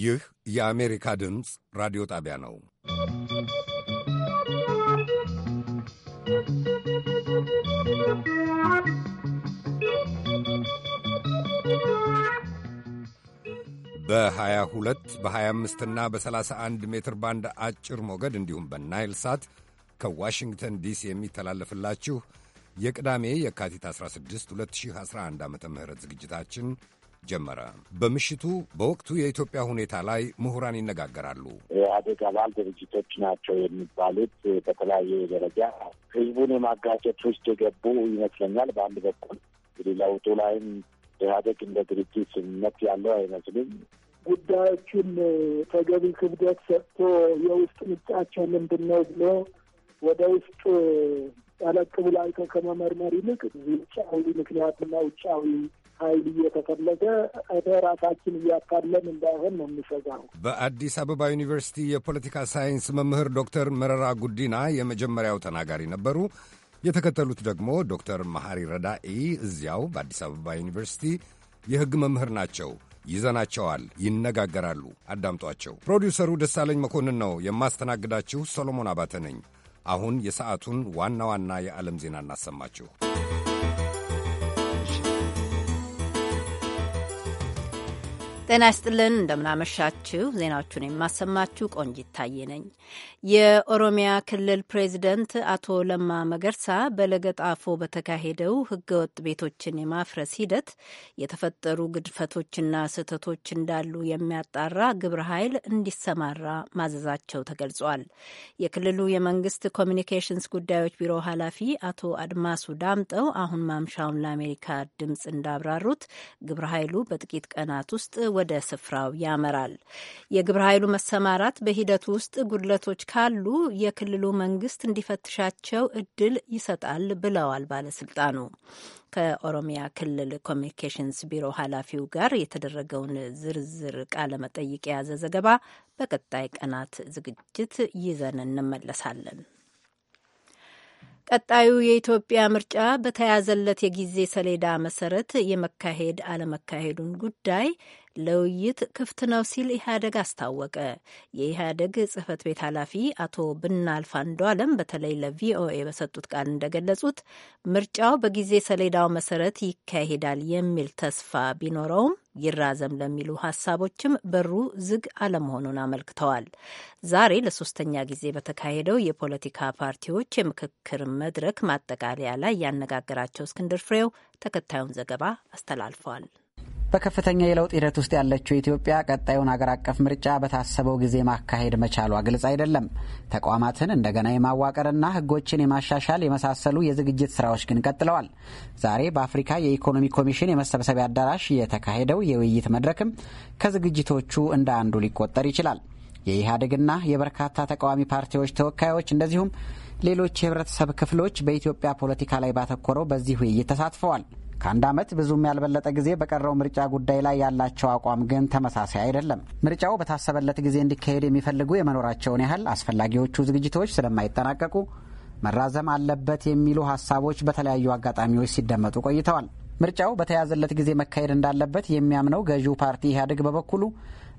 ይህ የአሜሪካ ድምፅ ራዲዮ ጣቢያ ነው። በ22 በ25 እና በ31 ሜትር ባንድ አጭር ሞገድ እንዲሁም በናይል ሳት ከዋሽንግተን ዲሲ የሚተላለፍላችሁ የቅዳሜ የካቲት 16 2011 ዓ ም ዝግጅታችን ጀመረ። በምሽቱ በወቅቱ የኢትዮጵያ ሁኔታ ላይ ምሁራን ይነጋገራሉ። የኢህአዴግ አባል ድርጅቶች ናቸው የሚባሉት በተለያየ ደረጃ ህዝቡን የማጋጨት ውስጥ የገቡ ይመስለኛል። በአንድ በኩል እንግዲህ ለውጡ ላይም ኢህአዴግ እንደ ድርጅት ስምምነት ያለው አይመስልም። ጉዳዮቹን ተገቢ ክብደት ሰጥቶ የውስጥ ምጫቸው ምንድን ነው ብሎ ወደ ውስጥ ጠለቅ ብሎ አይቶ ከመመርመር ይልቅ ውጫዊ ምክንያትና ውጫዊ ኃይል እየተፈለገ ወደ ራሳችን እያካለን እንዳይሆን ነው የሚሰጋው። በአዲስ አበባ ዩኒቨርሲቲ የፖለቲካ ሳይንስ መምህር ዶክተር መረራ ጉዲና የመጀመሪያው ተናጋሪ ነበሩ። የተከተሉት ደግሞ ዶክተር መሐሪ ረዳኢ እዚያው በአዲስ አበባ ዩኒቨርሲቲ የሕግ መምህር ናቸው። ይዘናቸዋል፣ ይነጋገራሉ። አዳምጧቸው። ፕሮዲውሰሩ ደሳለኝ መኮንን ነው የማስተናግዳችሁ። ሰሎሞን አባተ ነኝ። አሁን የሰዓቱን ዋና ዋና የዓለም ዜና እናሰማችሁ። ጤና ይስጥልን እንደምናመሻችሁ። ዜናዎቹን የማሰማችሁ ቆንጂት ታዬ ነኝ። የኦሮሚያ ክልል ፕሬዚደንት አቶ ለማ መገርሳ በለገጣፎ በተካሄደው ህገወጥ ቤቶችን የማፍረስ ሂደት የተፈጠሩ ግድፈቶችና ስህተቶች እንዳሉ የሚያጣራ ግብረ ኃይል እንዲሰማራ ማዘዛቸው ተገልጿል። የክልሉ የመንግስት ኮሚኒኬሽንስ ጉዳዮች ቢሮ ኃላፊ አቶ አድማሱ ዳምጠው አሁን ማምሻውን ለአሜሪካ ድምፅ እንዳብራሩት ግብረ ኃይሉ በጥቂት ቀናት ውስጥ ወደ ስፍራው ያመራል። የግብረ ኃይሉ መሰማራት በሂደቱ ውስጥ ጉድለቶች ካሉ የክልሉ መንግስት እንዲፈትሻቸው እድል ይሰጣል ብለዋል ባለስልጣኑ። ከኦሮሚያ ክልል ኮሚኒኬሽንስ ቢሮ ኃላፊው ጋር የተደረገውን ዝርዝር ቃለ መጠይቅ የያዘ ዘገባ በቀጣይ ቀናት ዝግጅት ይዘን እንመለሳለን። ቀጣዩ የኢትዮጵያ ምርጫ በተያዘለት የጊዜ ሰሌዳ መሰረት የመካሄድ አለመካሄዱን ጉዳይ ለውይይት ክፍት ነው ሲል ኢህአደግ አስታወቀ። የኢህአደግ ጽህፈት ቤት ኃላፊ አቶ ብናልፍ አለም በተለይ ለቪኦኤ በሰጡት ቃል እንደገለጹት ምርጫው በጊዜ ሰሌዳው መሰረት ይካሄዳል የሚል ተስፋ ቢኖረውም ይራዘም ለሚሉ ሀሳቦችም በሩ ዝግ አለመሆኑን አመልክተዋል። ዛሬ ለሶስተኛ ጊዜ በተካሄደው የፖለቲካ ፓርቲዎች የምክክር መድረክ ማጠቃለያ ላይ ያነጋገራቸው እስክንድር ፍሬው ተከታዩን ዘገባ አስተላልፏል። በከፍተኛ የለውጥ ሂደት ውስጥ ያለችው ኢትዮጵያ ቀጣዩን አገር አቀፍ ምርጫ በታሰበው ጊዜ ማካሄድ መቻሏ ግልጽ አይደለም። ተቋማትን እንደገና የማዋቀርና ሕጎችን የማሻሻል የመሳሰሉ የዝግጅት ስራዎች ግን ቀጥለዋል። ዛሬ በአፍሪካ የኢኮኖሚ ኮሚሽን የመሰብሰቢያ አዳራሽ የተካሄደው የውይይት መድረክም ከዝግጅቶቹ እንደ አንዱ ሊቆጠር ይችላል። የኢህአዴግና የበርካታ ተቃዋሚ ፓርቲዎች ተወካዮች እንደዚሁም ሌሎች የህብረተሰብ ክፍሎች በኢትዮጵያ ፖለቲካ ላይ ባተኮረው በዚህ ውይይት ተሳትፈዋል። ከአንድ ዓመት ብዙም ያልበለጠ ጊዜ በቀረው ምርጫ ጉዳይ ላይ ያላቸው አቋም ግን ተመሳሳይ አይደለም። ምርጫው በታሰበለት ጊዜ እንዲካሄድ የሚፈልጉ የመኖራቸውን ያህል አስፈላጊዎቹ ዝግጅቶች ስለማይጠናቀቁ መራዘም አለበት የሚሉ ሀሳቦች በተለያዩ አጋጣሚዎች ሲደመጡ ቆይተዋል። ምርጫው በተያዘለት ጊዜ መካሄድ እንዳለበት የሚያምነው ገዢው ፓርቲ ኢህአዴግ በበኩሉ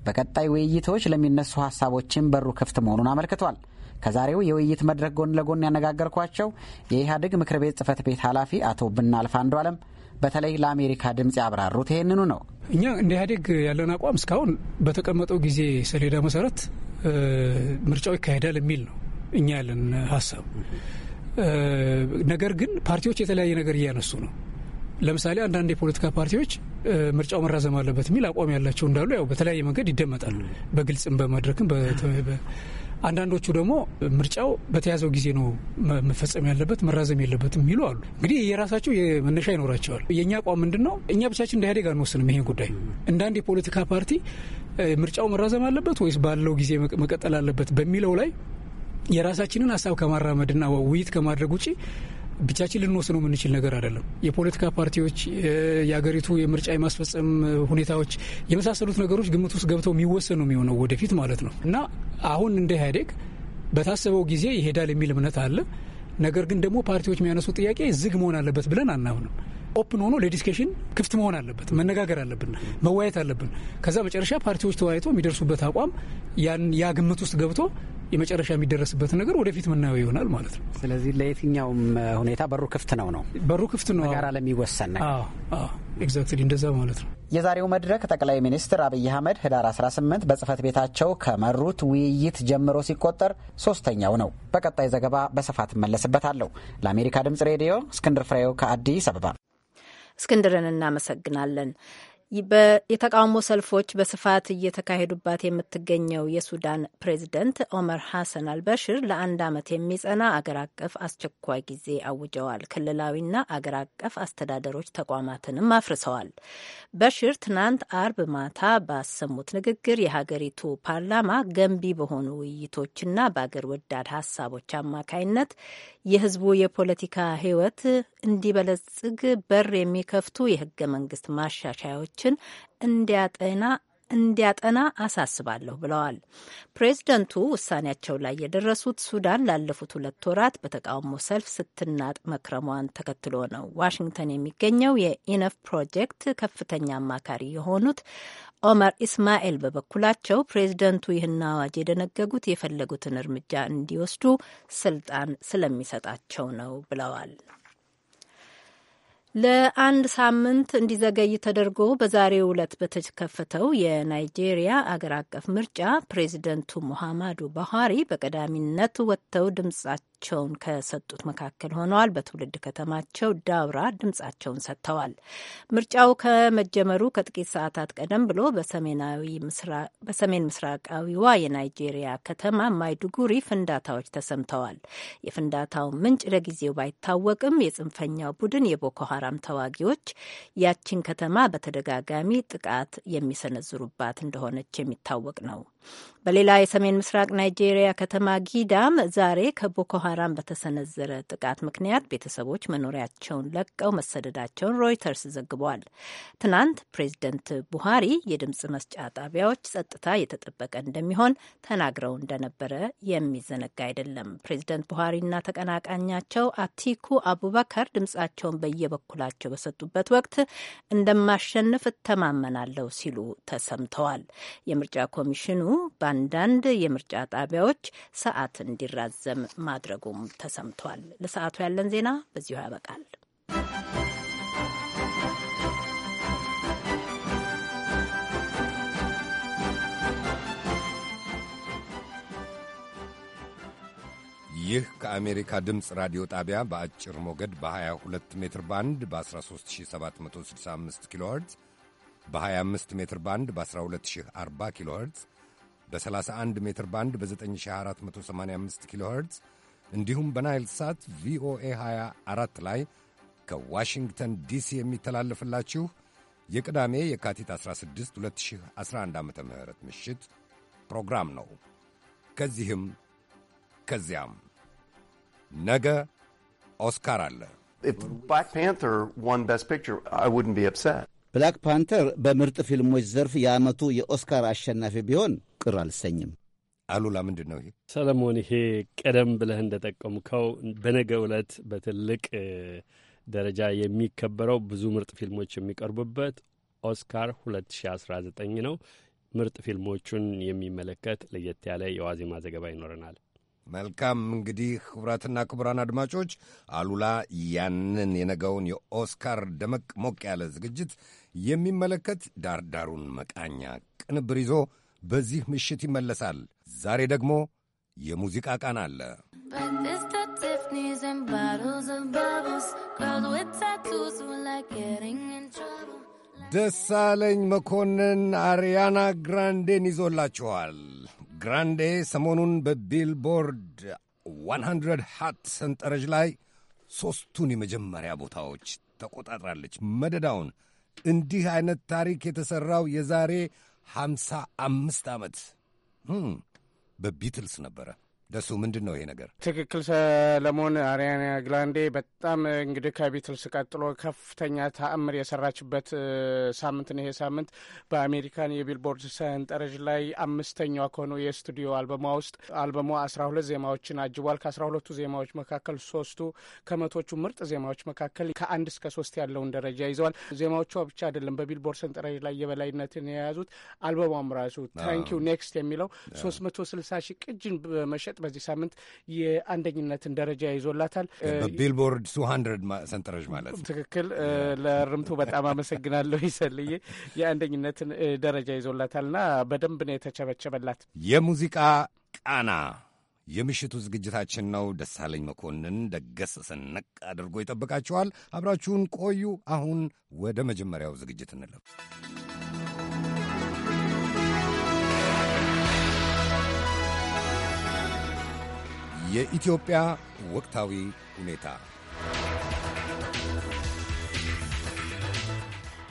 በቀጣይ ውይይቶች ለሚነሱ ሀሳቦችን በሩ ክፍት መሆኑን አመልክቷል። ከዛሬው የውይይት መድረክ ጎን ለጎን ያነጋገርኳቸው የኢህአዴግ ምክር ቤት ጽህፈት ቤት ኃላፊ አቶ ብናልፍ አንዱ አለም በተለይ ለአሜሪካ ድምፅ ያብራሩት ይህንኑ ነው። እኛ እንደ ኢህአዴግ ያለን አቋም እስካሁን በተቀመጠው ጊዜ ሰሌዳ መሰረት ምርጫው ይካሄዳል የሚል ነው እኛ ያለን ሀሳብ። ነገር ግን ፓርቲዎች የተለያየ ነገር እያነሱ ነው። ለምሳሌ አንዳንድ የፖለቲካ ፓርቲዎች ምርጫው መራዘም አለበት የሚል አቋም ያላቸው እንዳሉ ያው በተለያየ መንገድ ይደመጣል። በግልጽም በመድረክም አንዳንዶቹ ደግሞ ምርጫው በተያዘው ጊዜ ነው መፈጸም ያለበት መራዘም የለበትም የሚሉ አሉ። እንግዲህ የራሳቸው መነሻ ይኖራቸዋል። የእኛ አቋም ምንድን ነው? እኛ ብቻችን ኢህአዴግ አንወስንም። ይሄን ጉዳይ እንደ የፖለቲካ ፓርቲ ምርጫው መራዘም አለበት ወይስ ባለው ጊዜ መቀጠል አለበት በሚለው ላይ የራሳችንን ሀሳብ ከማራመድና ውይይት ከማድረግ ውጪ ብቻችን ልንወስነው የምንችል ነገር አይደለም። የፖለቲካ ፓርቲዎች፣ የአገሪቱ የምርጫ የማስፈጸም ሁኔታዎች የመሳሰሉት ነገሮች ግምት ውስጥ ገብተው የሚወሰኑ የሚሆነው ወደፊት ማለት ነው እና አሁን እንደ ኢህአዴግ በታሰበው ጊዜ ይሄዳል የሚል እምነት አለ። ነገር ግን ደግሞ ፓርቲዎች የሚያነሱ ጥያቄ ዝግ መሆን አለበት ብለን አናምንም። ኦፕን ሆኖ ለዲስከሽን ክፍት መሆን አለበት። መነጋገር አለብን፣ መወያየት አለብን። ከዛ መጨረሻ ፓርቲዎች ተወያይቶ የሚደርሱበት አቋም ያ ግምት ውስጥ ገብቶ የመጨረሻ የሚደረስበት ነገር ወደፊት ምናየው ይሆናል ማለት ነው። ስለዚህ ለየትኛውም ሁኔታ በሩ ክፍት ነው ነው በሩ ክፍት ነው ጋራ ለሚወሰን ነገር ኤግዛክትሊ እንደዛ ማለት ነው። የዛሬው መድረክ ጠቅላይ ሚኒስትር አብይ አህመድ ህዳር 18 በጽህፈት ቤታቸው ከመሩት ውይይት ጀምሮ ሲቆጠር ሶስተኛው ነው። በቀጣይ ዘገባ በስፋት እመለስበታለሁ። ለአሜሪካ ድምጽ ሬዲዮ እስክንድር ፍሬው ከአዲስ አበባ። እስክንድርን እናመሰግናለን። የተቃውሞ ሰልፎች በስፋት እየተካሄዱባት የምትገኘው የሱዳን ፕሬዝደንት ኦመር ሐሰን አልበሽር ለአንድ ዓመት የሚጸና አገር አቀፍ አስቸኳይ ጊዜ አውጀዋል። ክልላዊና አገር አቀፍ አስተዳደሮች ተቋማትንም አፍርሰዋል። በሽር ትናንት አርብ ማታ ባሰሙት ንግግር የሀገሪቱ ፓርላማ ገንቢ በሆኑ ውይይቶችና በአገር ወዳድ ሀሳቦች አማካይነት የህዝቡ የፖለቲካ ህይወት እንዲበለጽግ በር የሚከፍቱ የህገ መንግስት ማሻሻያዎችን እንዲያጠና እንዲያጠና አሳስባለሁ ብለዋል። ፕሬዝደንቱ ውሳኔያቸው ላይ የደረሱት ሱዳን ላለፉት ሁለት ወራት በተቃውሞ ሰልፍ ስትናጥ መክረሟን ተከትሎ ነው። ዋሽንግተን የሚገኘው የኢነፍ ፕሮጀክት ከፍተኛ አማካሪ የሆኑት ኦመር ኢስማኤል በበኩላቸው ፕሬዝደንቱ ይህን አዋጅ የደነገጉት የፈለጉትን እርምጃ እንዲወስዱ ስልጣን ስለሚሰጣቸው ነው ብለዋል። ለአንድ ሳምንት እንዲዘገይ ተደርጎ በዛሬው ዕለት በተከፈተው የናይጄሪያ አገር አቀፍ ምርጫ ፕሬዚደንቱ ሙሐማዱ ቡሃሪ በቀዳሚነት ወጥተው ድምጻቸው ድምጻቸውን ከሰጡት መካከል ሆነዋል። በትውልድ ከተማቸው ዳውራ ድምጻቸውን ሰጥተዋል። ምርጫው ከመጀመሩ ከጥቂት ሰዓታት ቀደም ብሎ በሰሜን ምስራቃዊዋ የናይጄሪያ ከተማ ማይዱጉሪ ፍንዳታዎች ተሰምተዋል። የፍንዳታው ምንጭ ለጊዜው ባይታወቅም የጽንፈኛው ቡድን የቦኮ ሀራም ተዋጊዎች ያቺን ከተማ በተደጋጋሚ ጥቃት የሚሰነዝሩባት እንደሆነች የሚታወቅ ነው። በሌላ የሰሜን ምስራቅ ናይጄሪያ ከተማ ጊዳም ዛሬ ከቦኮ ሀራም በተሰነዘረ ጥቃት ምክንያት ቤተሰቦች መኖሪያቸውን ለቀው መሰደዳቸውን ሮይተርስ ዘግቧል። ትናንት ፕሬዚደንት ቡሃሪ የድምፅ መስጫ ጣቢያዎች ጸጥታ የተጠበቀ እንደሚሆን ተናግረው እንደነበረ የሚዘነጋ አይደለም። ፕሬዚደንት ቡሃሪና ተቀናቃኛቸው አቲኩ አቡበከር ድምፃቸውን በየበኩላቸው በሰጡበት ወቅት እንደማሸንፍ እተማመናለሁ ሲሉ ተሰምተዋል። የምርጫ ኮሚሽኑ በአንዳንድ የምርጫ ጣቢያዎች ሰዓት እንዲራዘም ማድረጉም ተሰምቷል። ለሰዓቱ ያለን ዜና በዚሁ ያበቃል። ይህ ከአሜሪካ ድምፅ ራዲዮ ጣቢያ በአጭር ሞገድ በ22 ሜትር ባንድ በ13765 ኪሎ ኸርትዝ በ25 ሜትር ባንድ በ1240 ኪሎ ኸርትዝ በ31 ሜትር ባንድ በ9485 ኪሎ ኸርትዝ እንዲሁም በናይል ሳት ቪኦኤ 24 ላይ ከዋሽንግተን ዲሲ የሚተላለፍላችሁ የቅዳሜ የካቲት 16 2011 ዓ ም ምሽት ፕሮግራም ነው። ከዚህም ከዚያም ነገ ኦስካር አለ። ብላክ ፓንተር በምርጥ ፊልሞች ዘርፍ የዓመቱ የኦስካር አሸናፊ ቢሆን ቅር አልሰኝም። አሉላ ምንድን ነው ይሄ ሰለሞን? ይሄ ቀደም ብለህ እንደጠቀምከው በነገ ዕለት በትልቅ ደረጃ የሚከበረው ብዙ ምርጥ ፊልሞች የሚቀርቡበት ኦስካር 2019 ነው። ምርጥ ፊልሞቹን የሚመለከት ለየት ያለ የዋዜማ ዘገባ ይኖረናል። መልካም እንግዲህ ክቡራትና ክቡራን አድማጮች አሉላ ያንን የነገውን የኦስካር ደመቅ ሞቅ ያለ ዝግጅት የሚመለከት ዳርዳሩን መቃኛ ቅንብር ይዞ በዚህ ምሽት ይመለሳል። ዛሬ ደግሞ የሙዚቃ ቃና አለ። ደሳለኝ መኮንን አሪያና ግራንዴን ይዞላችኋል። ግራንዴ ሰሞኑን በቢልቦርድ 100 ሃት ሰንጠረዥ ላይ ሦስቱን የመጀመሪያ ቦታዎች ተቆጣጥራለች። መደዳውን እንዲህ አይነት ታሪክ የተሠራው የዛሬ ሀምሳ አምስት ዓመት በቢትልስ ነበረ። ደሱ ምንድን ነው ይሄ ነገር? ትክክል ሰለሞን። አሪያና ግላንዴ በጣም እንግዲህ ከቢትልስ ቀጥሎ ከፍተኛ ተአምር የሰራችበት ሳምንት ነው ይሄ ሳምንት። በአሜሪካን የቢልቦርድ ሰንጠረዥ ላይ አምስተኛዋ ከሆነው የስቱዲዮ አልበሟ ውስጥ አልበሟ አስራ ሁለት ዜማዎችን አጅቧል። ከአስራ ሁለቱ ዜማዎች መካከል ሶስቱ ከመቶቹ ምርጥ ዜማዎች መካከል ከአንድ እስከ ሶስት ያለውን ደረጃ ይዘዋል። ዜማዎቿ ብቻ አይደለም በቢልቦርድ ሰንጠረዥ ላይ የበላይነትን የያዙት አልበሟም ራሱ ታንኪው ኔክስት የሚለው ሶስት መቶ ስልሳ ሺህ ቅጅን በመሸጥ በዚህ ሳምንት የአንደኝነትን ደረጃ ይዞላታል። ቢልቦርድ ቱ ሀንድረድ ሰንጠረዥ ማለት ትክክል። ለርምቱ በጣም አመሰግናለሁ ይሰልዬ። የአንደኝነትን ደረጃ ይዞላታልና በደንብ ነው የተቸበቸበላት። የሙዚቃ ቃና የምሽቱ ዝግጅታችን ነው። ደሳለኝ መኮንን ደገስ ስንቅ አድርጎ ይጠብቃችኋል። አብራችሁን ቆዩ። አሁን ወደ መጀመሪያው ዝግጅት እንለፍ። የኢትዮጵያ ወቅታዊ ሁኔታ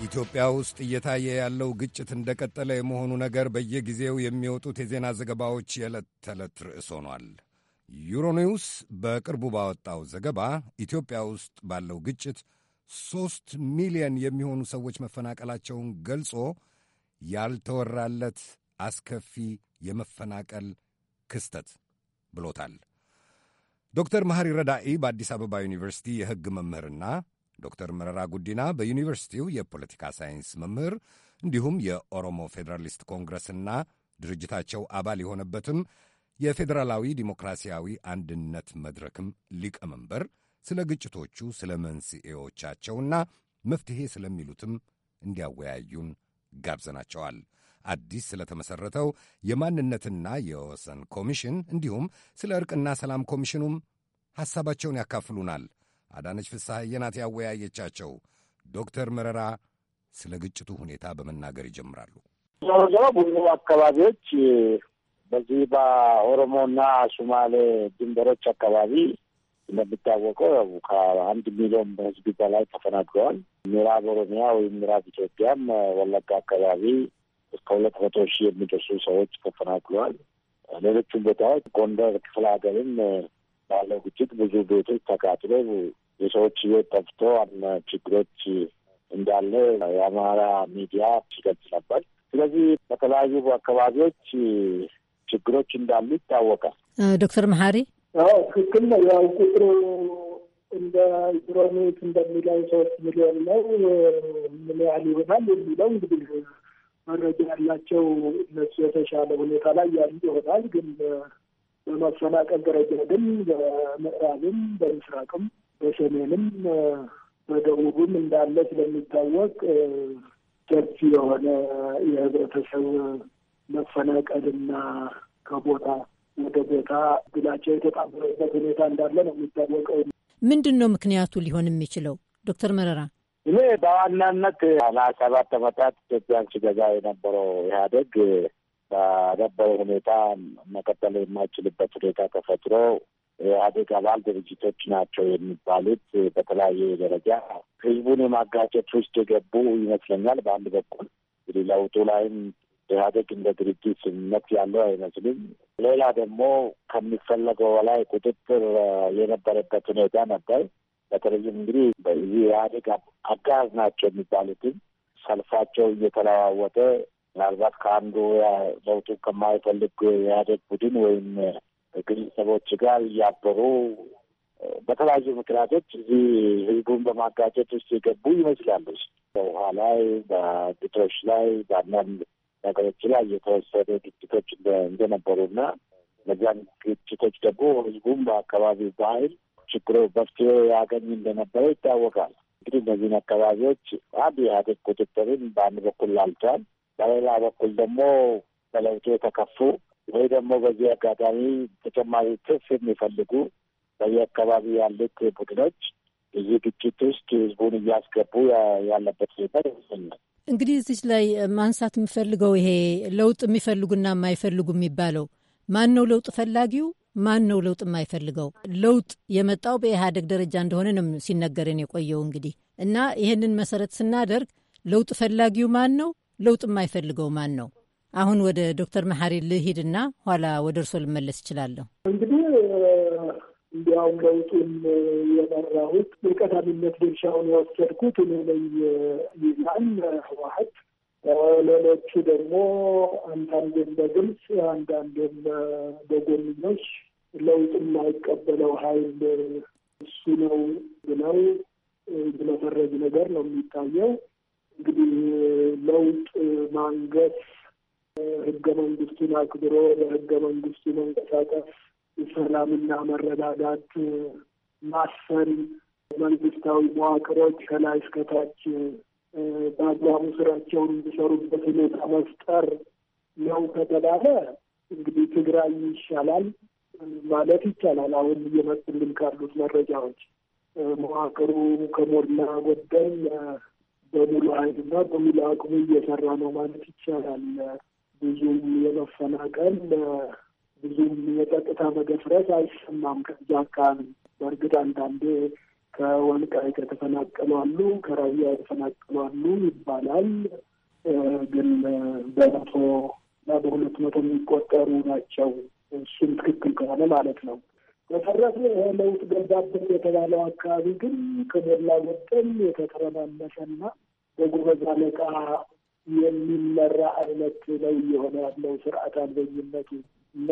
ኢትዮጵያ ውስጥ እየታየ ያለው ግጭት እንደቀጠለ የመሆኑ ነገር በየጊዜው የሚወጡት የዜና ዘገባዎች የዕለት ተዕለት ርዕስ ሆኗል። ዩሮኒውስ በቅርቡ ባወጣው ዘገባ ኢትዮጵያ ውስጥ ባለው ግጭት ሦስት ሚሊዮን የሚሆኑ ሰዎች መፈናቀላቸውን ገልጾ ያልተወራለት አስከፊ የመፈናቀል ክስተት ብሎታል። ዶክተር መሐሪ ረዳኢ በአዲስ አበባ ዩኒቨርሲቲ የሕግ መምህርና ዶክተር መረራ ጉዲና በዩኒቨርሲቲው የፖለቲካ ሳይንስ መምህር እንዲሁም የኦሮሞ ፌዴራሊስት ኮንግረስና ድርጅታቸው አባል የሆነበትም የፌዴራላዊ ዲሞክራሲያዊ አንድነት መድረክም ሊቀመንበር ስለ ግጭቶቹ ስለ መንስኤዎቻቸውና መፍትሔ ስለሚሉትም እንዲያወያዩን ጋብዘናቸዋል። አዲስ ስለተመሠረተው የማንነትና የወሰን ኮሚሽን እንዲሁም ስለ ዕርቅና ሰላም ኮሚሽኑም ሐሳባቸውን ያካፍሉናል። አዳነች ፍስሐ የናት ያወያየቻቸው ዶክተር መረራ ስለ ግጭቱ ሁኔታ በመናገር ይጀምራሉ። ዞሮ ብዙ አካባቢዎች በዚህ በኦሮሞና ሱማሌ ድንበሮች አካባቢ እንደሚታወቀው ያው ከአንድ ሚሊዮን በህዝብ በላይ ተፈናግረዋል። ምዕራብ ኦሮሚያ ወይም ምዕራብ ኢትዮጵያም ወለጋ አካባቢ እስከ ሁለት መቶ ሺህ የሚደርሱ ሰዎች ተፈናቅለዋል። ሌሎቹም ቦታዎች ጎንደር ክፍለ ሀገርም ባለው ግጭት ብዙ ቤቶች ተቃጥለው የሰዎች ሕይወት ጠፍቶ ችግሮች እንዳለ የአማራ ሚዲያ ሲገልጽ ነበር። ስለዚህ በተለያዩ አካባቢዎች ችግሮች እንዳሉ ይታወቃል። ዶክተር መሐሪ ትክክል ነው። ያው ቁጥሩ እንደ ኢኮኖሚክ እንደሚለው ሶስት ሚሊዮን ነው። ምን ያህል ይሆናል የሚለው እንግዲህ መረጃ ያላቸው እነሱ የተሻለ ሁኔታ ላይ ያሉ ይሆናል። ግን በመፈናቀል ደረጃ ግን በምዕራብም፣ በምስራቅም፣ በሰሜንም በደቡብም እንዳለ ስለሚታወቅ ሰፊ የሆነ የህብረተሰብ መፈናቀልና ከቦታ ወደ ቦታ ግላቸው የተጣበረበት ሁኔታ እንዳለ ነው የሚታወቀው። ምንድን ነው ምክንያቱ ሊሆን የሚችለው? ዶክተር መረራ እኔ በዋናነት ለሀያ ሰባት አመታት ኢትዮጵያን ሲገዛ የነበረው ኢህአዴግ በነበረ ሁኔታ መቀጠል የማይችልበት ሁኔታ ተፈጥሮ የኢህአዴግ አባል ድርጅቶች ናቸው የሚባሉት በተለያየ ደረጃ ህዝቡን የማጋጨት ውስጥ የገቡ ይመስለኛል። በአንድ በኩል እንግዲህ ለውጡ ላይም ኢህአዴግ እንደ ድርጅት ስምምነት ያለው አይመስልም። ሌላ ደግሞ ከሚፈለገው በላይ ቁጥጥር የነበረበት ሁኔታ ነበር። በተለይም እንግዲህ በዚህ አጋር አጋዝ ናቸው የሚባሉትን ሰልፋቸው እየተለዋወጠ ምናልባት ከአንዱ ለውጡ ከማይፈልግ የኢህአዴግ ቡድን ወይም ግለሰቦች ጋር እያበሩ በተለያዩ ምክንያቶች እዚህ ህዝቡን በማጋጨት ውስጥ የገቡ ይመስላሉ። በውሃ ላይ፣ በግጦሽ ላይ፣ በአንዳንድ ነገሮች ላይ የተወሰዱ ግጭቶች እንደነበሩና እነዚያን ግጭቶች ደግሞ ህዝቡም በአካባቢው ባህል ችግሮ መፍትሄ ያገኝ እንደነበረ ይታወቃል። እንግዲህ እነዚህን አካባቢዎች አንድ ኢህአዴግ ቁጥጥርን በአንድ በኩል ላልቷል፣ በሌላ በኩል ደግሞ በለውጡ የተከፉ ወይ ደግሞ በዚህ አጋጣሚ ተጨማሪ ትርፍ የሚፈልጉ በየአካባቢ ያሉት ቡድኖች እዚህ ግጭት ውስጥ ህዝቡን እያስገቡ ያለበት ሁኔታ ይመስለኛል። እንግዲህ እዚች ላይ ማንሳት የምፈልገው ይሄ ለውጥ የሚፈልጉና የማይፈልጉ የሚባለው ማን ነው? ለውጥ ፈላጊው ማን ነው ለውጥ የማይፈልገው? ለውጥ የመጣው በኢህአደግ ደረጃ እንደሆነ ነው ሲነገረን የቆየው እንግዲህ እና ይህንን መሰረት ስናደርግ ለውጥ ፈላጊው ማን ነው? ለውጥ የማይፈልገው ማን ነው? አሁን ወደ ዶክተር መሐሪ ልሂድና ኋላ ወደ እርሶ ልመለስ እችላለሁ። እንግዲህ እንዲያውም ለውጡን የመራሁት የቀዳሚነት ድርሻውን የወሰድኩት እኔ ነኝ ይላል ህወሓት ሌሎቹ ደግሞ አንዳንዴም በግልጽ አንዳንዴም በጎንኞች ለውጥ የማይቀበለው ኃይል እሱ ነው ብለው ብለፈረጅ ነገር ነው የሚታየው። እንግዲህ ለውጥ ማንገስ፣ ህገ መንግስቱን አክብሮ በህገ መንግስቱ መንቀሳቀስ፣ ሰላምና መረጋጋት ማሰን፣ መንግስታዊ መዋቅሮች ከላይ እስከታች በአግባቡ ስራቸውን እንዲሰሩበት ሁኔታ መፍጠር ነው ከተባለ እንግዲህ ትግራይ ይሻላል። ማለት ይቻላል። አሁን እየመጡልን ካሉት መረጃዎች መዋቅሩ ከሞላ ጎደል በሙሉ ኃይልና በሙሉ አቅሙ እየሰራ ነው ማለት ይቻላል። ብዙም የመፈናቀል ብዙም የጸጥታ መገፍረስ አይሰማም ከዚያ አካባቢ። በእርግጥ አንዳንዴ ከወልቃይት የተፈናቀሉ አሉ፣ ከራያ የተፈናቀሉ አሉ ይባላል። ግን በመቶ እና በሁለት መቶ የሚቆጠሩ ናቸው። እሱም ትክክል ከሆነ ማለት ነው። በተረፈ ለውጥ ገባበት የተባለው አካባቢ ግን ከሞላ ጎደል የተተረማመሰና በጉበዝ አለቃ የሚመራ አይነት ነው እየሆነ ያለው ስርዓት አልበኝነቱ እና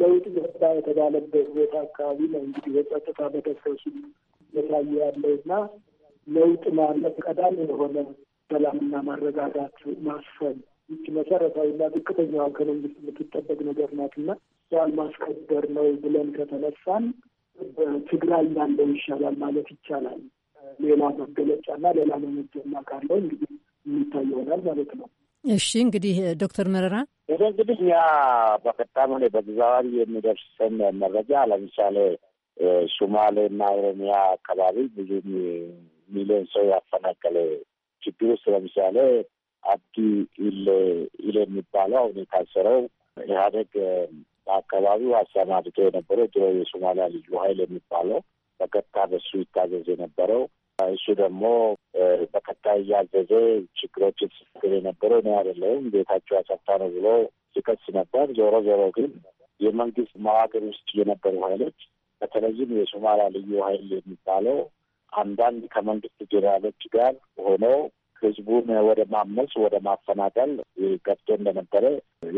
ለውጥ ገባ የተባለበት ቦታ አካባቢ ነው እንግዲህ የጸጥታ መደፍረሱ እየታየ ያለው እና ለውጥ ማለት ቀዳሚ የሆነ ሰላምና ማረጋጋት ማስፈን ይች መሰረታዊና ዝቅተኛዋ ከመንግስት የምትጠበቅ ነገር እና ያን ማስከበር ነው ብለን ከተነሳን በትግራይ ያለው ይሻላል ማለት ይቻላል። ሌላ መገለጫና ሌላ መመዘኛ ካለው እንግዲህ የሚታይ ይሆናል ማለት ነው። እሺ እንግዲህ ዶክተር መረራ ይህ እንግዲህ ያ በቀጣም ሆነ በተዘዋዋሪ የሚደርሰን መረጃ ለምሳሌ ሶማሌ እና ኦሮሚያ አካባቢ ብዙ ሚሊዮን ሰው ያፈናቀለ ችግር ውስጥ ለምሳሌ አብዲ ኢሌ የሚባለው አሁን የታሰረው ኢህአዴግ በአካባቢው አሰማርቶ የነበረው ድሮ የሶማሊያ ልዩ ኃይል የሚባለው በቀጥታ በሱ ይታዘዝ የነበረው እሱ ደግሞ በቀጣይ እያዘዘ ችግሮችን ሲፈጥር የነበረው እኔ አይደለሁም ቤታቸው ያሰፋ ነው ብሎ ሲከስ ነበር። ዞሮ ዞሮ ግን የመንግስት መዋቅር ውስጥ የነበሩ ኃይሎች በተለይም የሶማሊያ ልዩ ኃይል የሚባለው አንዳንድ ከመንግስት ጄኔራሎች ጋር ሆኖ ህዝቡን ወደ ማመስ ወደ ማፈናቀል ገብቶ እንደነበረ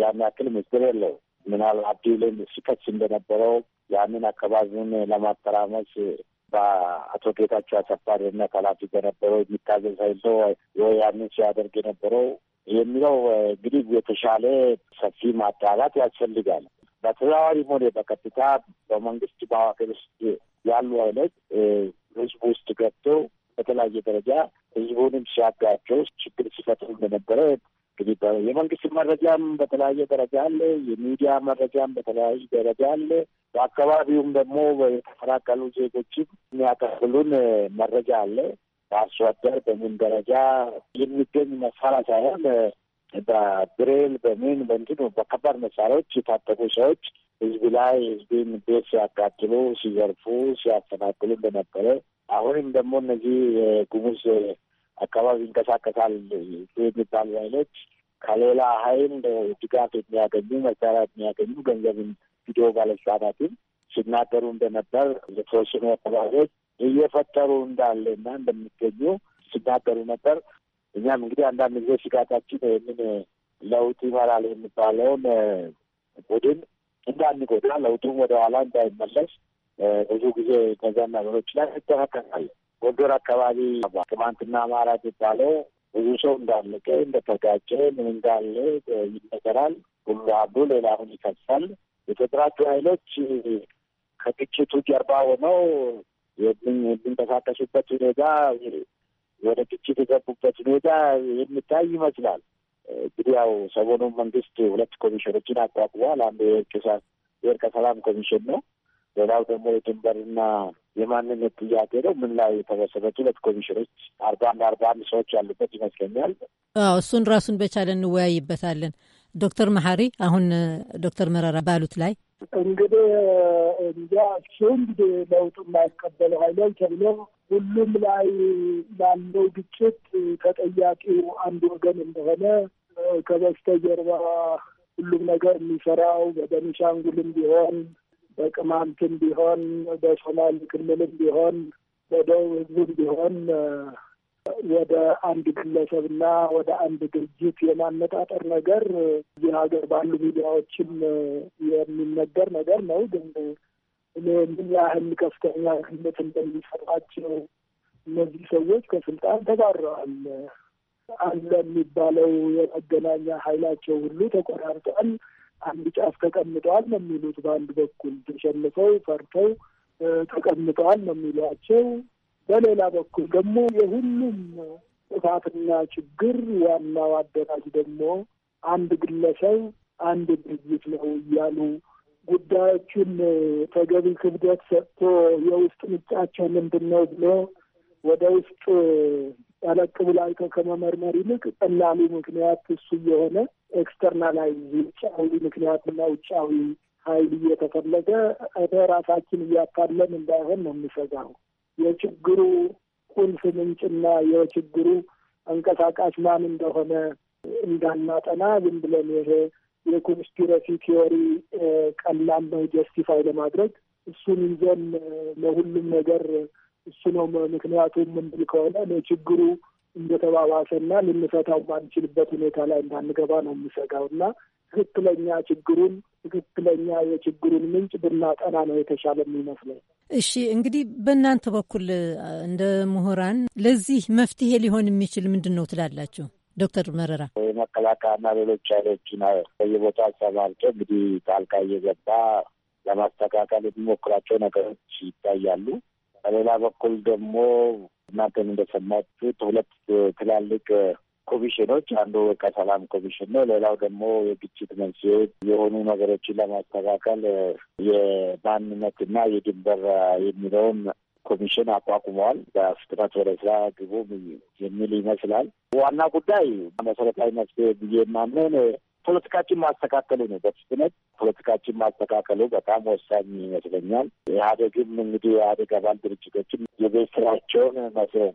ያን ያክል ምስጢር የለው። ምናል ላይ ሲከስ እንደነበረው ያንን አካባቢውን ለማተራመስ በአቶ ጌታቸው አሰፋሪነት ኃላፊ በነበረው የሚታዘዝ ኃይል ወይ ያንን ሲያደርግ የነበረው የሚለው እንግዲህ የተሻለ ሰፊ ማጣራት ያስፈልጋል። በተዘዋዋሪም ሆነ በቀጥታ በመንግስት መዋቅር ውስጥ ያሉ ኃይሎች ህዝቡ ውስጥ ገብተው በተለያየ ደረጃ ህዝቡንም ሲያጋቸው ችግር ሲፈጥሩ እንደነበረ እንግዲህ የመንግስት መረጃም በተለያየ ደረጃ አለ። የሚዲያ መረጃም በተለያየ ደረጃ አለ። በአካባቢውም ደግሞ የተፈናቀሉ ዜጎችም የሚያቀብሉን መረጃ አለ። በአርሶ አደር በምን ደረጃ የሚገኝ መሳሪያ ሳይሆን በብሬል በምን በእንትን በከባድ መሳሪያዎች የታጠቁ ሰዎች ህዝብ ላይ ህዝብን ቤት ሲያቃጥሉ፣ ሲዘርፉ፣ ሲያፈናቅሉ እንደነበረ አሁንም ደግሞ እነዚህ የጉሙዝ አካባቢ ይንቀሳቀሳል የሚባሉ ኃይሎች ከሌላ ኃይል ድጋፍ የሚያገኙ መሳሪያ የሚያገኙ ገንዘብን ቪዲዮ ባለስልጣናትን ሲናገሩ እንደነበር የተወሰኑ አካባቢዎች እየፈጠሩ እንዳለ እና እንደሚገኙ ሲናገሩ ነበር። እኛም እንግዲህ አንዳንድ ጊዜ ስጋታችን ይህንን ለውጥ ይመራል የሚባለውን ቡድን እንዳንጎዳ ለውጡም ወደኋላ እንዳይመለስ ብዙ ጊዜ ከዛ ነገሮች ላይ እንጠነቀቃለን። ጎንደር አካባቢ ቅማንትና አማራ የሚባለው ብዙ ሰው እንዳለቀ እንደተጋጨ ምን እንዳለ ይነገራል። ሁሉ አብሮ ሌላውን ይከሳል። የተደራጁ ኃይሎች ከግጭቱ ጀርባ ሆነው የሚንቀሳቀሱበት ሁኔታ፣ ወደ ግጭት የገቡበት ሁኔታ የሚታይ ይመስላል። እንግዲህ ያው ሰሞኑን መንግስት ሁለት ኮሚሽኖችን አቋቁሟል። አንዱ የእርቀ ሰላም ኮሚሽን ነው። ሌላው ደግሞ የድንበርና የማንነት ጥያቄ ነው። ምን ላይ የተመሰረቱ ሁለት ኮሚሽኖች አርባ አንድ አርባ አንድ ሰዎች ያሉበት ይመስለኛል። አዎ እሱን ራሱን በቻለ እንወያይበታለን። ዶክተር መሐሪ አሁን ዶክተር መረራ ባሉት ላይ እንግዲህ እንጃ እሱ እንግዲህ ለውጡ የማይቀበሉ ኃይሎች ተብሎ ሁሉም ላይ ላለው ግጭት ተጠያቂው አንድ ወገን እንደሆነ ከበስተጀርባ ሁሉም ነገር የሚሰራው በቤኒሻንጉልም ቢሆን በቅማንትም ቢሆን በሶማሌ ክልልም ቢሆን በደቡብ ህዝብም ቢሆን ወደ አንድ ግለሰብና ወደ አንድ ድርጅት የማነጣጠር ነገር እዚህ ሀገር ባሉ ሚዲያዎችም የሚነገር ነገር ነው። ግን እኔ ምን ያህል ከፍተኛ ግምት እንደሚሰጣቸው እነዚህ ሰዎች ከስልጣን ተባረዋል። አለ የሚባለው የመገናኛ ኃይላቸው ሁሉ ተቆራርጧል። አንድ ጫፍ ተቀምጠዋል ነው የሚሉት። በአንድ በኩል ተሸንፈው ፈርተው ተቀምጠዋል ነው የሚሏቸው። በሌላ በኩል ደግሞ የሁሉም ጥፋትና ችግር ዋናው አደራጅ ደግሞ አንድ ግለሰብ፣ አንድ ድርጅት ነው እያሉ ጉዳዮቹን ተገቢ ክብደት ሰጥቶ የውስጥ ምጫቸው ምንድን ነው ብሎ ወደ ውስጥ ጠለቅ ብሎ አይቶ ከመመርመር ይልቅ ጠላሚ ምክንያት እሱ የሆነ ኤክስተርናላይዝ ውጫዊ ምክንያትና ውጫዊ ኃይል እየተፈለገ ራሳችን እያታለን እንዳይሆን ነው የምሰጋው። የችግሩ ቁልፍ ምንጭና የችግሩ አንቀሳቃሽ ማን እንደሆነ እንዳናጠና ዝም ብለን ይሄ የኮንስፒረሲ ቲዎሪ ቀላል ነው ጀስቲፋይ ለማድረግ እሱን ይዘን ለሁሉም ነገር እሱ ነው ምክንያቱ ምንድን ከሆነ ለችግሩ እንደተባባሰና ልንፈታው ማንችልበት ሁኔታ ላይ እንዳንገባ ነው የምሰጋው እና ትክክለኛ ችግሩን ትክክለኛ የችግሩን ምንጭ ብናጠና ነው የተሻለ የሚመስለው። እሺ እንግዲህ በእናንተ በኩል እንደ ምሁራን ለዚህ መፍትሄ ሊሆን የሚችል ምንድን ነው ትላላችሁ? ዶክተር መረራ የመከላከያና ሌሎች ኃይሎችን በየቦታ አሰማርቶ እንግዲህ ጣልቃ እየገባ ለማስተካከል የሚሞክራቸው ነገሮች ይታያሉ። በሌላ በኩል ደግሞ እናንተም እንደሰማችሁት ሁለት ትላልቅ ኮሚሽኖች አንዱ እርቀ ሰላም ኮሚሽን ነው። ሌላው ደግሞ የግጭት መንስኤዎች የሆኑ ነገሮችን ለማስተካከል የማንነትና የድንበር የሚለውን ኮሚሽን አቋቁመዋል። በፍጥነት ወደ ስራ ግቡም የሚል ይመስላል። ዋና ጉዳይ መሰረታዊ መፍትሄ ብዬ ማምን ፖለቲካችን ማስተካከሉ ነው። በፍጥነት ፖለቲካችን ማስተካከሉ በጣም ወሳኝ ይመስለኛል። ኢህአዴግም እንግዲህ የአደግ አባል ድርጅቶችም የቤት ስራቸውን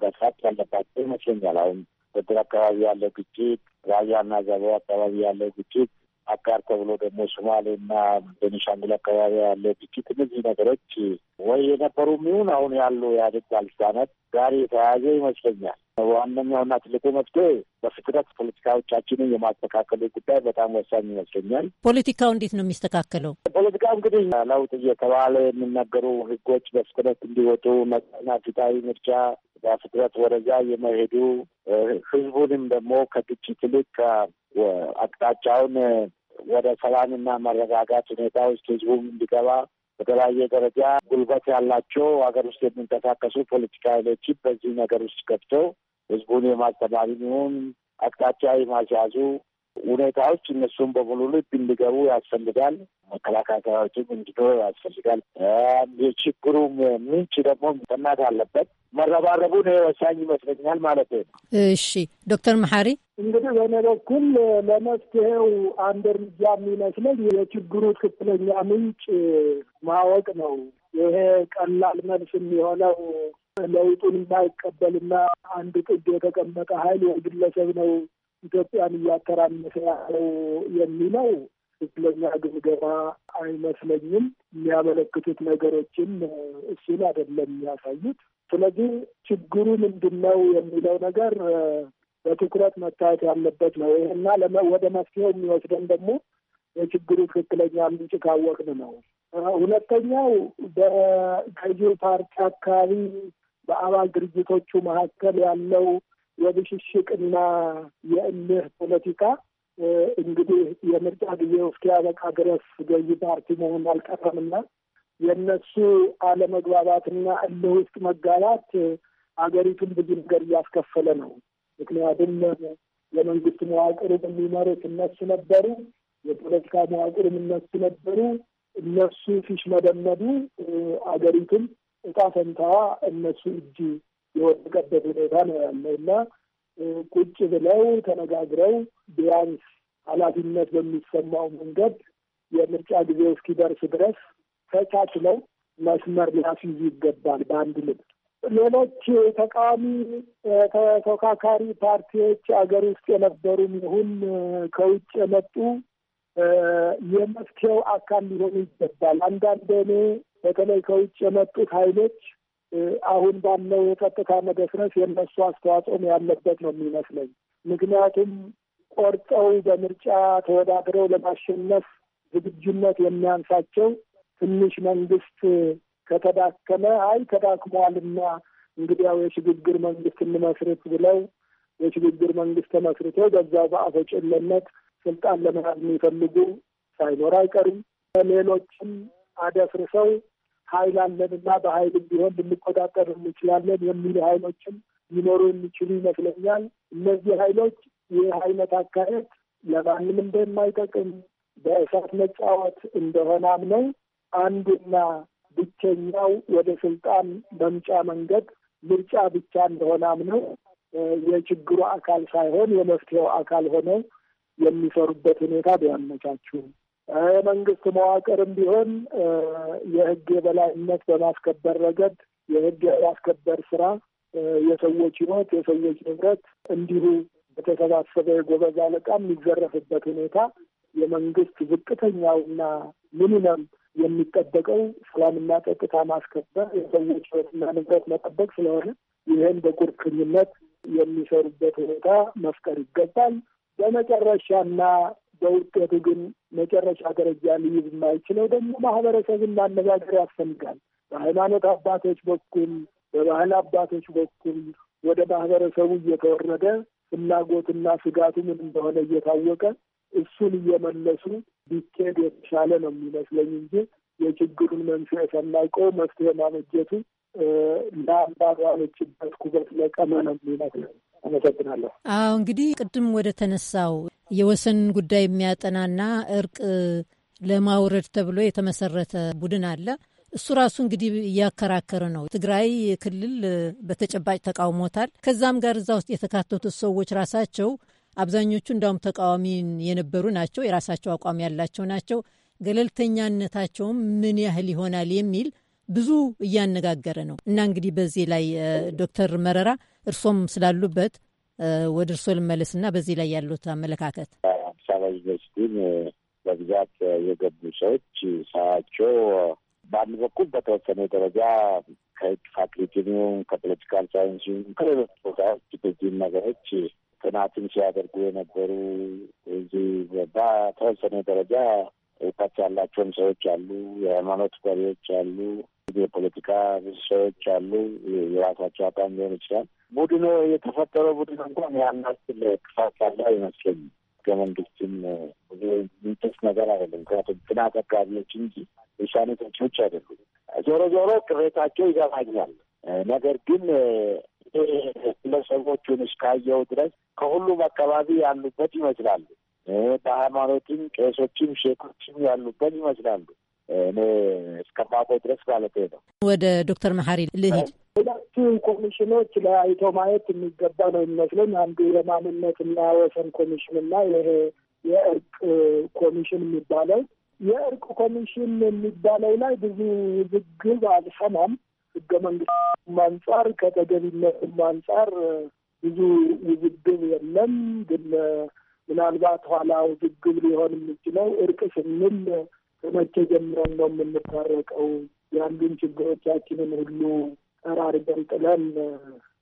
መስራት ያለባቸው ይመስለኛል። አሁን በድር አካባቢ ያለው ግጭት፣ ራያና ዘበ አካባቢ ያለው ግጭት አጋር ተብሎ ደግሞ ሶማሌና ቤኒሻንጉል አካባቢ ያለ ግጭት፣ እነዚህ ነገሮች ወይ የነበሩ የሚሆን አሁን ያሉ የአደግ ባለስልጣናት ጋር የተያያዘ ይመስለኛል። ዋነኛውና ትልቁ መፍትሄ በፍጥረት ፖለቲካዎቻችንን የማስተካከሉ ጉዳይ በጣም ወሳኝ ይመስለኛል። ፖለቲካው እንዴት ነው የሚስተካከለው? ፖለቲካው እንግዲህ ለውጥ እየተባለ የሚነገሩ ህጎች በፍጥረት እንዲወጡ፣ ነጻና ፊታዊ ምርጫ በፍጥረት ወደዛ የመሄዱ ህዝቡንም ደግሞ ከግጭት ይልቅ አቅጣጫውን ወደ ሰላምና መረጋጋት ሁኔታ ውስጥ ህዝቡም እንዲገባ በተለያየ ደረጃ ጉልበት ያላቸው ሀገር ውስጥ የሚንቀሳቀሱ ፖለቲካ ኃይሎች በዚህ ነገር ውስጥ ገብተው ህዝቡን የማስተማሪም ይሁን አቅጣጫ የማስያዙ ሁኔታዎች እነሱም በሙሉ ልብ እንዲገቡ ያስፈልጋል። መከላከያ ሰራዊቱም እንዲዶ ያስፈልጋል። የችግሩ ምንጭ ደግሞ መጠናት አለበት። መረባረቡን ወሳኝ ይመስለኛል ማለት ነው። እሺ ዶክተር መሐሪ እንግዲህ በእኔ በኩል ለመፍትሄው አንድ እርምጃ የሚመስለኝ የችግሩ ትክክለኛ ምንጭ ማወቅ ነው። ይሄ ቀላል መልስ የሚሆነው ለውጡን የማይቀበልና አንድ ጥግ የተቀመጠ ኃይል የግለሰብ ነው ኢትዮጵያን እያተራመሰ ያለው የሚለው ትክክለኛ ግምገማ አይመስለኝም። የሚያመለክቱት ነገሮችም እሱን አይደለም የሚያሳዩት። ስለዚህ ችግሩ ምንድን ነው የሚለው ነገር በትኩረት መታየት ያለበት ነው። ይህና ወደ መፍትሄው የሚወስደን ደግሞ የችግሩ ትክክለኛ ምንጭ ካወቅን ነው። ሁለተኛው በገዢው ፓርቲ አካባቢ በአባል ድርጅቶቹ መካከል ያለው የብሽሽቅና የእልህ ፖለቲካ እንግዲህ የምርጫ ጊዜ እስኪያበቃ ድረስ ገዢ ፓርቲ መሆን አልቀረምና የእነሱ አለመግባባትና እልህ ውስጥ መጋባት አገሪቱን ብዙ ነገር እያስከፈለ ነው። ምክንያቱም የመንግስት መዋቅሩ የሚመሩት እነሱ ነበሩ፣ የፖለቲካ መዋቅሩም እነሱ ነበሩ። እነሱ ፊሽ መደመዱ እጣ ፈንታዋ እነሱ እጅ የወደቀበት ሁኔታ ነው ያለው እና ቁጭ ብለው ተነጋግረው ቢያንስ ኃላፊነት በሚሰማው መንገድ የምርጫ ጊዜው እስኪደርስ ድረስ ተቻችለው መስመር ሊያስይዙ ይገባል። በአንድ ልብ ሌሎች ተቃዋሚ ተፎካካሪ ፓርቲዎች አገር ውስጥ የነበሩም ይሁን ከውጭ የመጡ የመፍትሄው አካል ሊሆኑ ይገባል። አንዳንድ እኔ በተለይ ከውጭ የመጡት ኃይሎች አሁን ባለው የጸጥታ መደፍረስ የነሱ አስተዋጽኦም ያለበት ነው የሚመስለኝ። ምክንያቱም ቆርጠው በምርጫ ተወዳድረው ለማሸነፍ ዝግጁነት የሚያንሳቸው ትንሽ መንግስት ከተዳከመ አይ ተዳክሟልና እንግዲያው የሽግግር መንግስት እንመስርት ብለው የሽግግር መንግስት ተመስርተው በዛ በአፈጭለነት ስልጣን ለመያዝ የሚፈልጉ ሳይኖር አይቀሩም። ሌሎችም አደፍርሰው ኃይል አለን እና በኃይልም ቢሆን ልንቆጣጠር እንችላለን የሚሉ ኃይሎችም ሊኖሩ የሚችሉ ይመስለኛል። እነዚህ ኃይሎች ይህ አይነት አካሄድ ለማንም እንደማይጠቅም በእሳት መጫወት እንደሆነ አምነው አንዱና ብቸኛው ወደ ስልጣን መምጫ መንገድ ምርጫ ብቻ እንደሆነ አምነው የችግሩ አካል ሳይሆን የመፍትሄው አካል ሆነው የሚሰሩበት ሁኔታ ቢያመቻችሁ የመንግስት መዋቅርም ቢሆን የህግ የበላይነት በማስከበር ረገድ የህግ የማስከበር ስራ የሰዎች ህይወት፣ የሰዎች ንብረት እንዲሁ በተሰባሰበ የጎበዝ አለቃ የሚዘረፍበት ሁኔታ የመንግስት ዝቅተኛውና ሚኒመም የሚጠበቀው ሰላምና ጸጥታ ማስከበር፣ የሰዎች ህይወትና ንብረት መጠበቅ ስለሆነ ይህን በቁርክኝነት የሚሰሩበት ሁኔታ መፍጠር ይገባል። በመጨረሻና በውጤቱ ግን መጨረሻ ደረጃ ሊይዝ የማይችለው ደግሞ ማህበረሰብን ማነጋገር ያስፈልጋል። በሃይማኖት አባቶች በኩል በባህል አባቶች በኩል ወደ ማህበረሰቡ እየተወረደ ፍላጎትና ስጋቱ ምን እንደሆነ እየታወቀ እሱን እየመለሱ ቢኬድ የተሻለ ነው የሚመስለኝ እንጂ የችግሩን መንስኤ ሰናይቆ መፍትሄ ማመጀቱ ለአምባባሎችበት ኩበት ለቀመ ነው የሚመስለኝ። አመሰግናለሁ። አዎ እንግዲህ ቅድም ወደ ተነሳው የወሰን ጉዳይ የሚያጠናና እርቅ ለማውረድ ተብሎ የተመሰረተ ቡድን አለ። እሱ ራሱ እንግዲህ እያከራከረ ነው። ትግራይ ክልል በተጨባጭ ተቃውሞታል። ከዛም ጋር እዛ ውስጥ የተካተቱት ሰዎች ራሳቸው አብዛኞቹ እንዳውም ተቃዋሚ የነበሩ ናቸው። የራሳቸው አቋም ያላቸው ናቸው። ገለልተኛነታቸውም ምን ያህል ይሆናል የሚል ብዙ እያነጋገረ ነው እና እንግዲህ በዚህ ላይ ዶክተር መረራ እርሶም ስላሉበት ወደ እርስዎ ልመለስና በዚህ ላይ ያሉት አመለካከት። አዲስ አበባ ዩኒቨርሲቲን በብዛት የገቡ ሰዎች ሳያቸው በአንድ በኩል በተወሰነ ደረጃ ከህግ ፋክልቲኒውም ከፖለቲካል ሳይንሱም ከሌሎች ቦታዎች በዚህ ነገሮች ጥናትን ሲያደርጉ የነበሩ እዚህ በተወሰነ ደረጃ ታች ያላቸውም ሰዎች አሉ፣ የሃይማኖት መሪዎች አሉ፣ የፖለቲካ ሰዎች አሉ። የራሳቸው አቋም ሊሆን ይችላል። ቡድኑ የተፈጠረው ቡድን እንኳን ያናስል ያክል ክፋት ያለ አይመስለኝም። ከመንግስትም ብዙ የሚጠስ ነገር አይደለም። ምክንያቱም ጥናት አካባቢዎች እንጂ ውሳኔ ሰጪዎች አይደሉም። ዞሮ ዞሮ ቅሬታቸው ይገባኛል። ነገር ግን ግለሰቦቹን እስካየው ድረስ ከሁሉም አካባቢ ያሉበት ይመስላሉ። በሃይማኖትም ቄሶችም ሼኮችም ያሉበት ይመስላሉ። እኔ እስከማቆ ድረስ ማለት ነው። ወደ ዶክተር መሐሪ ልሂድ። ሁለቱ ኮሚሽኖች ለአይቶ ማየት የሚገባ ነው የሚመስለኝ። አንዱ የማንነትና ወሰን ኮሚሽንና ይሄ የእርቅ ኮሚሽን የሚባለው የእርቅ ኮሚሽን የሚባለው ላይ ብዙ ውዝግብ አልሰማም። ህገ መንግስቱም አንጻር ከተገቢነትም አንጻር ብዙ ውዝግብ የለም ግን ምናልባት ኋላ ውዝግብ ሊሆን የሚችለው እርቅ ስንል ከመቼ ጀምረን ነው የምንታረቀው? ያሉን ችግሮቻችንን ሁሉ ጠራርገን ጥለን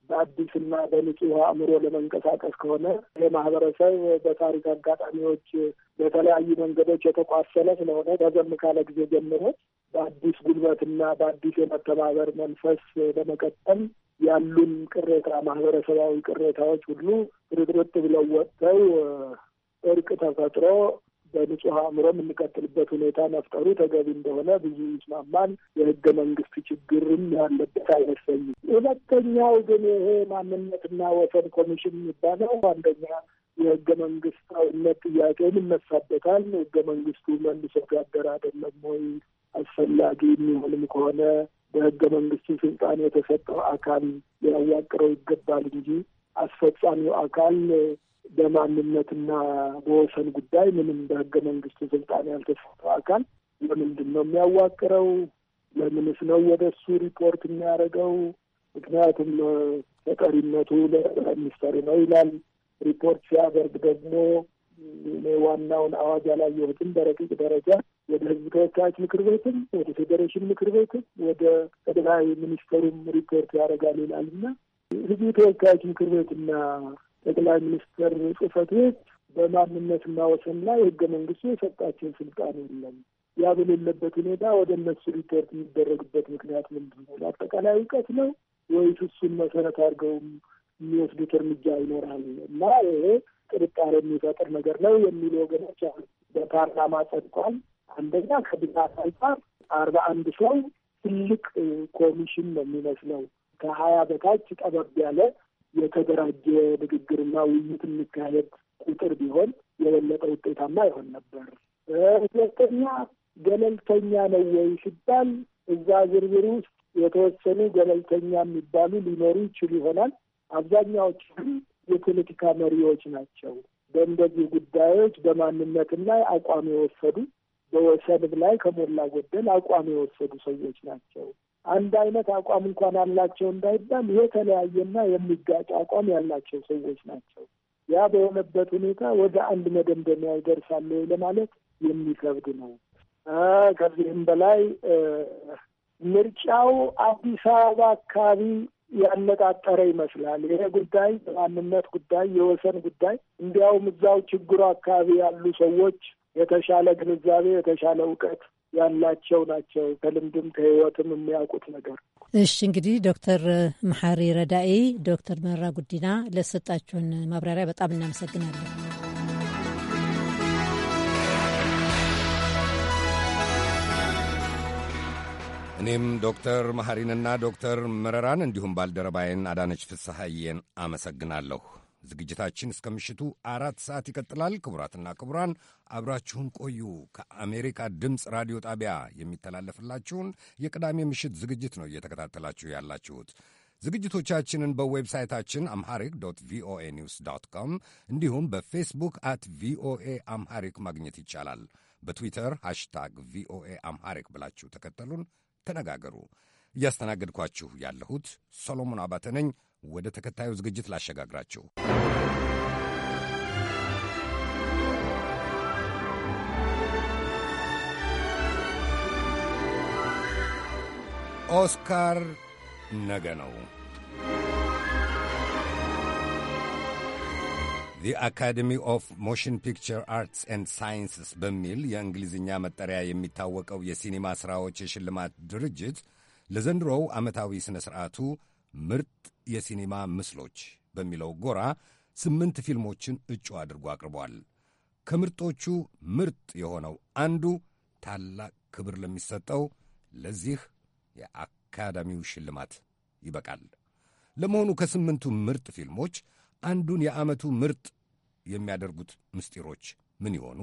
በአዲስና በንጹህ አእምሮ ለመንቀሳቀስ ከሆነ ይህ ማህበረሰብ በታሪክ አጋጣሚዎች በተለያዩ መንገዶች የተቋሰለ ስለሆነ ረዘም ካለ ጊዜ ጀምሮ በአዲስ ጉልበትና በአዲስ የመተባበር መንፈስ ለመቀጠል ያሉን ቅሬታ ማህበረሰባዊ ቅሬታዎች ሁሉ ርጥርጥ ብለው ወጥተው እርቅ ተፈጥሮ በንጹህ አእምሮ የምንቀጥልበት ሁኔታ መፍጠሩ ተገቢ እንደሆነ ብዙ ይስማማል። የህገ መንግስት ችግርም ያለበት አይመስለኝም። ሁለተኛው ግን ይሄ ማንነትና ወሰን ኮሚሽን የሚባለው አንደኛ የህገ መንግስታዊነት ጥያቄን ይነሳበታል። ህገ መንግስቱ መልሶ ያደር አይደለም ወይ አስፈላጊ የሚሆንም ከሆነ በህገ መንግስቱ ስልጣን የተሰጠው አካል ሊያዋቅረው ይገባል እንጂ አስፈጻሚው አካል በማንነትና በወሰን ጉዳይ ምንም በህገ መንግስቱ ስልጣን ያልተሰጠው አካል ለምንድን ነው የሚያዋቅረው? ለምንስ ነው ወደ እሱ ሪፖርት የሚያደርገው? ምክንያቱም ተጠሪነቱ ለጠቅላይ ሚኒስትሩ ነው ይላል። ሪፖርት ሲያደርግ ደግሞ እኔ ዋናውን አዋጅ አላየሁትም። በረቂቅ ደረጃ ወደ ህዝብ ተወካዮች ምክር ቤትም ወደ ፌዴሬሽን ምክር ቤትም ወደ ጠቅላይ ሚኒስትሩም ሪፖርት ያደርጋል ይላል እና ህዝብ ተወካዮች ምክር ቤትና ጠቅላይ ሚኒስትር ጽህፈት ቤት በማንነት እና ወሰን ላይ ህገ መንግስቱ የሰጣቸውን ስልጣን የለም። ያ በሌለበት ሁኔታ ወደ እነሱ ሪፖርት የሚደረግበት ምክንያት ምንድን ነው? ለአጠቃላይ እውቀት ነው ወይስ እሱን መሰረት አድርገው የሚወስዱት እርምጃ ይኖራል እና ይሄ ጥርጣሬ የሚፈጥር ነገር ነው የሚሉ ወገኖች በፓርላማ ጸድቋል። አንደኛ ከብዛት አንጻር አርባ አንድ ሰው ትልቅ ኮሚሽን ነው የሚመስለው። ከሀያ በታች ጠበብ ያለ የተደራጀ ንግግርና ውይይት የሚካሄድ ቁጥር ቢሆን የበለጠ ውጤታማ ይሆን ነበር። ሁለተኛ ገለልተኛ ነው ወይ ሲባል እዛ ዝርዝር ውስጥ የተወሰኑ ገለልተኛ የሚባሉ ሊኖሩ ይችሉ ይሆናል። አብዛኛዎቹ የፖለቲካ መሪዎች ናቸው። በእንደዚህ ጉዳዮች በማንነትና አቋም የወሰዱ በወሰንም ላይ ከሞላ ጎደል አቋም የወሰዱ ሰዎች ናቸው። አንድ አይነት አቋም እንኳን አላቸው እንዳይባል የተለያየና የሚጋጭ አቋም ያላቸው ሰዎች ናቸው። ያ በሆነበት ሁኔታ ወደ አንድ መደምደሚያ ይደርሳሉ ለማለት የሚከብድ ነው። ከዚህም በላይ ምርጫው አዲስ አበባ አካባቢ ያነጣጠረ ይመስላል። ይሄ ጉዳይ የማንነት ጉዳይ፣ የወሰን ጉዳይ እንዲያውም እዛው ችግሩ አካባቢ ያሉ ሰዎች የተሻለ ግንዛቤ የተሻለ እውቀት ያላቸው ናቸው። ከልምድም ከህይወትም የሚያውቁት ነገር። እሺ እንግዲህ ዶክተር መሐሪ ረዳኢ፣ ዶክተር መራ ጉዲና ለሰጣችሁን ማብራሪያ በጣም እናመሰግናለን። እኔም ዶክተር መሐሪንና ዶክተር መረራን እንዲሁም ባልደረባዬን አዳነች ፍስሐዬን አመሰግናለሁ። ዝግጅታችን እስከ ምሽቱ አራት ሰዓት ይቀጥላል። ክቡራትና ክቡራን አብራችሁን ቆዩ። ከአሜሪካ ድምፅ ራዲዮ ጣቢያ የሚተላለፍላችሁን የቅዳሜ ምሽት ዝግጅት ነው እየተከታተላችሁ ያላችሁት። ዝግጅቶቻችንን በዌብሳይታችን አምሃሪክ ዶት ቪኦኤ ኒውስ ዶት ኮም እንዲሁም በፌስቡክ አት ቪኦኤ አምሐሪክ ማግኘት ይቻላል። በትዊተር ሃሽታግ ቪኦኤ አምሐሪክ ብላችሁ ተከተሉን፣ ተነጋገሩ። እያስተናገድኳችሁ ያለሁት ሰሎሞን አባተ ነኝ። ወደ ተከታዩ ዝግጅት ላሸጋግራችሁ። ኦስካር ነገ ነው። ዲ አካዴሚ ኦፍ ሞሽን ፒክቸር አርትስ ኤንድ ሳይንስስ በሚል የእንግሊዝኛ መጠሪያ የሚታወቀው የሲኒማ ሥራዎች የሽልማት ድርጅት ለዘንድሮው ዓመታዊ ሥነ ሥርዓቱ ምርጥ የሲኔማ ምስሎች በሚለው ጎራ ስምንት ፊልሞችን እጩ አድርጎ አቅርቧል። ከምርጦቹ ምርጥ የሆነው አንዱ ታላቅ ክብር ለሚሰጠው ለዚህ የአካዳሚው ሽልማት ይበቃል። ለመሆኑ ከስምንቱ ምርጥ ፊልሞች አንዱን የዓመቱ ምርጥ የሚያደርጉት ምስጢሮች ምን ይሆኑ?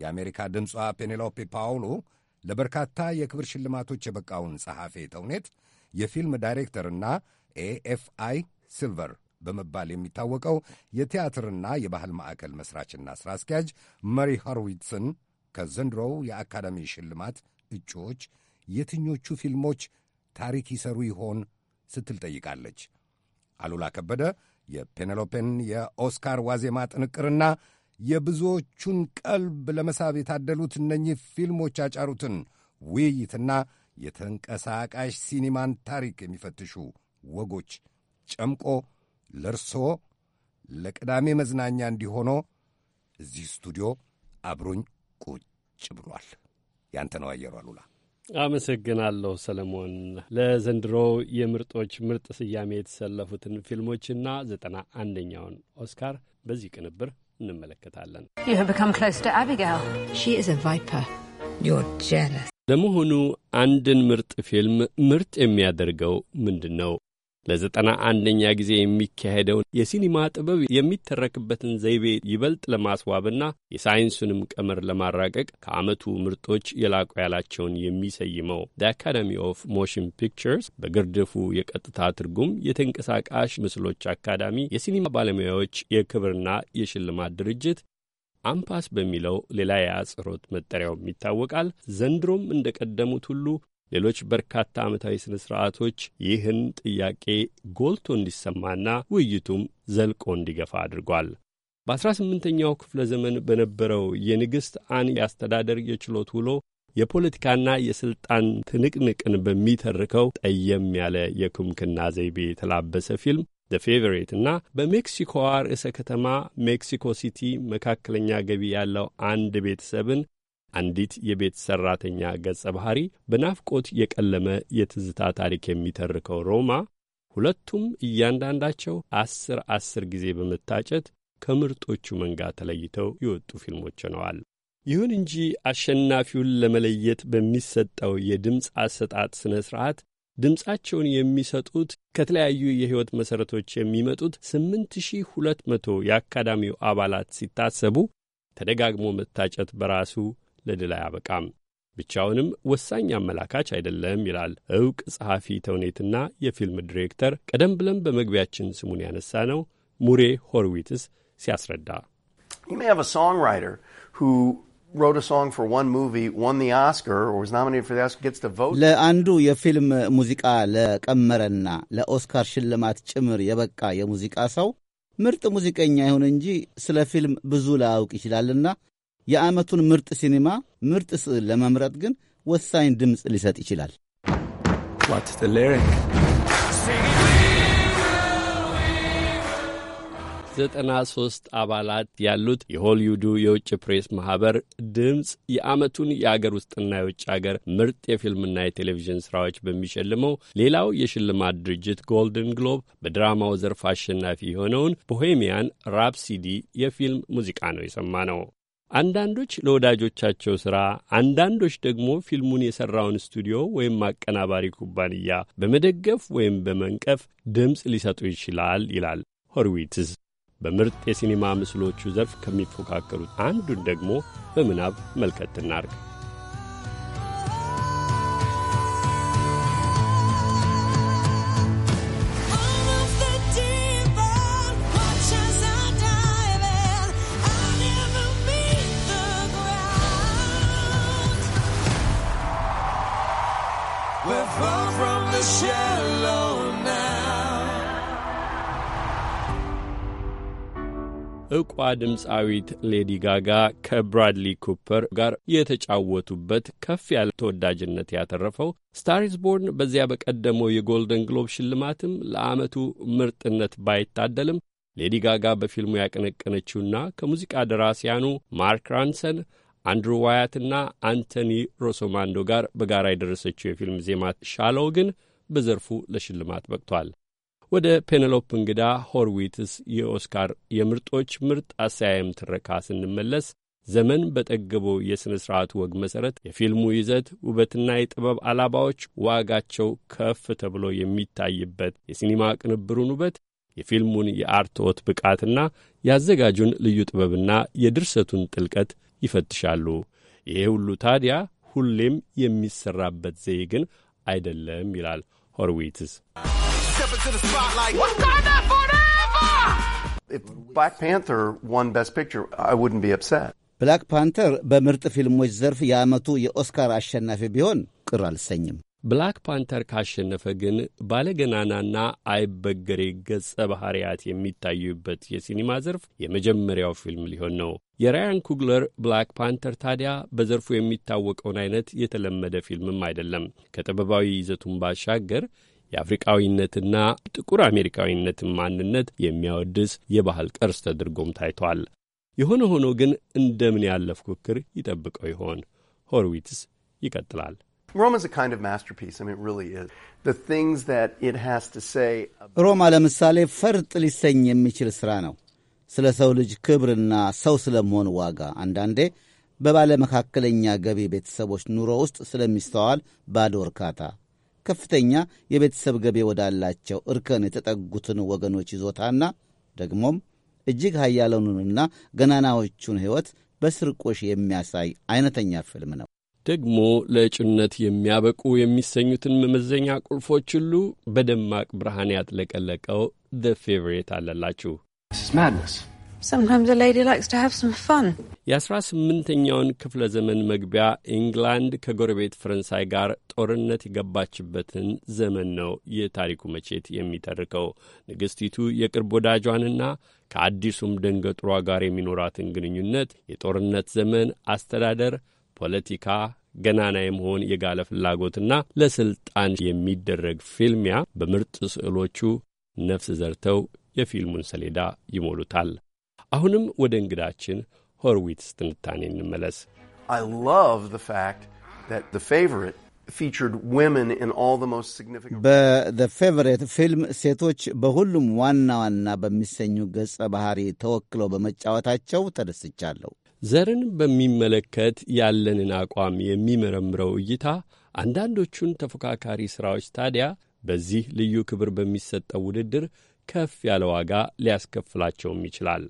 የአሜሪካ ድምጿ ፔኔሎፔ ፓውሎ ለበርካታ የክብር ሽልማቶች የበቃውን ጸሐፌ ተውኔት የፊልም ዳይሬክተርና ኤኤፍአይ ሲልቨር በመባል የሚታወቀው የቲያትርና የባህል ማዕከል መስራችና ሥራ አስኪያጅ መሪ ሆርዊትስን ከዘንድሮው የአካዳሚ ሽልማት እጩዎች የትኞቹ ፊልሞች ታሪክ ይሰሩ ይሆን ስትል ጠይቃለች። አሉላ ከበደ የፔኔሎፔን የኦስካር ዋዜማ ጥንቅርና የብዙዎቹን ቀልብ ለመሳብ የታደሉት እነኚህ ፊልሞች ያጫሩትን ውይይትና የተንቀሳቃሽ ሲኒማን ታሪክ የሚፈትሹ ወጎች ጨምቆ ለርሶ ለቅዳሜ መዝናኛ እንዲሆኖ እዚህ ስቱዲዮ አብሮኝ ቁጭ ብሏል። ያንተ ነው አየሩ አሉላ። አመሰግናለሁ ሰለሞን። ለዘንድሮ የምርጦች ምርጥ ስያሜ የተሰለፉትን ፊልሞችና ዘጠና አንደኛውን ኦስካር በዚህ ቅንብር እንመለከታለን። ለመሆኑ አንድን ምርጥ ፊልም ምርጥ የሚያደርገው ምንድን ነው? ለዘጠና አንደኛ ጊዜ የሚካሄደውን የሲኒማ ጥበብ የሚተረክበትን ዘይቤ ይበልጥ ለማስዋብና የሳይንሱንም ቀመር ለማራቀቅ ከዓመቱ ምርጦች የላቁ ያላቸውን የሚሰይመው ዘ አካደሚ ኦፍ ሞሽን ፒክቸርስ በግርድፉ የቀጥታ ትርጉም የተንቀሳቃሽ ምስሎች አካዳሚ የሲኒማ ባለሙያዎች የክብርና የሽልማት ድርጅት አምፓስ በሚለው ሌላ የአጽሮት መጠሪያውም ይታወቃል። ዘንድሮም እንደ ቀደሙት ሁሉ ሌሎች በርካታ ዓመታዊ ሥነ ሥርዓቶች ይህን ጥያቄ ጎልቶ እንዲሰማና ውይይቱም ዘልቆ እንዲገፋ አድርጓል። በ 18 ኛው ክፍለ ዘመን በነበረው የንግሥት አን የአስተዳደር የችሎት ውሎ የፖለቲካና የሥልጣን ትንቅንቅን በሚተርከው ጠየም ያለ የኩምክና ዘይቤ የተላበሰ ፊልም ዘ ፌቨሬት እና በሜክሲኮዋ ርዕሰ ከተማ ሜክሲኮ ሲቲ መካከለኛ ገቢ ያለው አንድ ቤተሰብን አንዲት የቤት ሠራተኛ ገጸ ባህሪ በናፍቆት የቀለመ የትዝታ ታሪክ የሚተርከው ሮማ ሁለቱም እያንዳንዳቸው አስር አስር ጊዜ በመታጨት ከምርጦቹ መንጋ ተለይተው የወጡ ፊልሞች ሆነዋል። ይሁን እንጂ አሸናፊውን ለመለየት በሚሰጠው የድምፅ አሰጣጥ ሥነ ሥርዓት ድምፃቸውን የሚሰጡት ከተለያዩ የሕይወት መሠረቶች የሚመጡት 2መቶ የአካዳሚው አባላት ሲታሰቡ ተደጋግሞ መታጨት በራሱ ለድል አያበቃም፣ ብቻውንም ወሳኝ አመላካች አይደለም ይላል እውቅ ጸሐፊ ተውኔትና የፊልም ዲሬክተር ቀደም ብለን በመግቢያችን ስሙን ያነሳ ነው ሙሬ ሆርዊትስ ሲያስረዳ ለአንዱ የፊልም ሙዚቃ ለቀመረና ለኦስካር ሽልማት ጭምር የበቃ የሙዚቃ ሰው ምርጥ ሙዚቀኛ ይሁን እንጂ ስለ ፊልም ብዙ ላያውቅ ይችላልና የዓመቱን ምርጥ ሲኒማ፣ ምርጥ ስዕል ለመምረጥ ግን ወሳኝ ድምፅ ሊሰጥ ይችላል። ዘጠና ሶስት አባላት ያሉት የሆሊውዱ የውጭ ፕሬስ ማህበር ድምፅ የዓመቱን የአገር ውስጥና የውጭ አገር ምርጥ የፊልምና የቴሌቪዥን ስራዎች በሚሸልመው ሌላው የሽልማት ድርጅት ጎልደን ግሎብ በድራማው ዘርፍ አሸናፊ የሆነውን ቦሄሚያን ራፕሲዲ የፊልም ሙዚቃ ነው የሰማ ነው። አንዳንዶች ለወዳጆቻቸው ሥራ፣ አንዳንዶች ደግሞ ፊልሙን የሠራውን ስቱዲዮ ወይም አቀናባሪ ኩባንያ በመደገፍ ወይም በመንቀፍ ድምፅ ሊሰጡ ይችላል ይላል ሆርዊትዝ። በምርጥ የሲኔማ ምስሎቹ ዘርፍ ከሚፎካከሩት አንዱን ደግሞ በምናብ መልከት እናርግ። እቋ ድምፃዊት ሌዲ ጋጋ ከብራድሊ ኩፐር ጋር የተጫወቱበት ከፍ ያለ ተወዳጅነት ያተረፈው ስታሪስቦርን በዚያ በቀደመው የጎልደን ግሎብ ሽልማትም ለዓመቱ ምርጥነት ባይታደልም ሌዲ ጋጋ በፊልሙ ያቀነቀነችውና ከሙዚቃ ደራሲያኑ ማርክ ራንሰን አንድሩ ዋያትና አንቶኒ ሮሶማንዶ ጋር በጋራ የደረሰችው የፊልም ዜማ ሻለው ግን በዘርፉ ለሽልማት በቅቷል። ወደ ፔኔሎፕ እንግዳ ሆርዊትስ የኦስካር የምርጦች ምርጥ አሰያየም ትረካ ስንመለስ ዘመን በጠገበው የሥነ ሥርዓቱ ወግ መሠረት የፊልሙ ይዘት ውበትና የጥበብ አላባዎች ዋጋቸው ከፍ ተብሎ የሚታይበት የሲኒማ ቅንብሩን ውበት የፊልሙን የአርትዖት ብቃትና ያዘጋጁን ልዩ ጥበብና የድርሰቱን ጥልቀት ይፈትሻሉ። ይሄ ሁሉ ታዲያ ሁሌም የሚሠራበት ዘዬ ግን አይደለም ይላል ሆርዊትስ። Step into the spotlight. We'll sign that forever! If Black Panther won Best Picture, I wouldn't be upset. ብላክ ፓንተር በምርጥ ፊልሞች ዘርፍ የዓመቱ የኦስካር አሸናፊ ቢሆን ቅር አልሰኝም። ብላክ ፓንተር ካሸነፈ ግን ባለገናናና አይበገሬ ገጸ ባህሪያት የሚታዩበት የሲኒማ ዘርፍ የመጀመሪያው ፊልም ሊሆን ነው። የራያን ኩግለር ብላክ ፓንተር ታዲያ በዘርፉ የሚታወቀውን አይነት የተለመደ ፊልምም አይደለም። ከጥበባዊ ይዘቱን ባሻገር የአፍሪቃዊነትና ጥቁር አሜሪካዊነትን ማንነት የሚያወድስ የባህል ቅርስ ተደርጎም ታይቷል። የሆነ ሆኖ ግን እንደምን ያለ ፉክክር ይጠብቀው ይሆን? ሆርዊትስ ይቀጥላል። ሮማ ለምሳሌ ፈርጥ ሊሰኝ የሚችል ሥራ ነው። ስለ ሰው ልጅ ክብርና ሰው ስለመሆን ዋጋ፣ አንዳንዴ በባለ መካከለኛ ገቢ ቤተሰቦች ኑሮ ውስጥ ስለሚስተዋል ባዶ እርካታ ከፍተኛ የቤተሰብ ገቢ ወዳላቸው እርከን የተጠጉትን ወገኖች ይዞታና ደግሞም እጅግ ሀያላኑንና ገናናዎቹን ሕይወት በስርቆሽ የሚያሳይ አይነተኛ ፊልም ነው። ደግሞ ለእጩነት የሚያበቁ የሚሰኙትን መመዘኛ ቁልፎች ሁሉ በደማቅ ብርሃን ያጥለቀለቀው ዘ ፌቨሬት አለላችሁ። የአስራ ስምንተኛውን ክፍለ ዘመን መግቢያ ኢንግላንድ ከጎረቤት ፈረንሳይ ጋር ጦርነት የገባችበትን ዘመን ነው የታሪኩ መቼት የሚተርከው። ንግሥቲቱ የቅርብ ወዳጇንና ከአዲሱም ደንገጥሯ ጋር የሚኖራትን ግንኙነት፣ የጦርነት ዘመን አስተዳደር፣ ፖለቲካ ገናና የመሆን የጋለ ፍላጎትና ለስልጣን የሚደረግ ፊልሚያ በምርጥ ስዕሎቹ ነፍስ ዘርተው የፊልሙን ሰሌዳ ይሞሉታል። አሁንም ወደ እንግዳችን ሆርዊትስ ትንታኔ እንመለስ። በ ፌቨሬት ፊልም ሴቶች በሁሉም ዋና ዋና በሚሰኙ ገጸ ባህሪ ተወክለው በመጫወታቸው ተደስቻለሁ። ዘርን በሚመለከት ያለንን አቋም የሚመረምረው እይታ አንዳንዶቹን ተፎካካሪ ሥራዎች ታዲያ በዚህ ልዩ ክብር በሚሰጠው ውድድር ከፍ ያለ ዋጋ ሊያስከፍላቸውም ይችላል።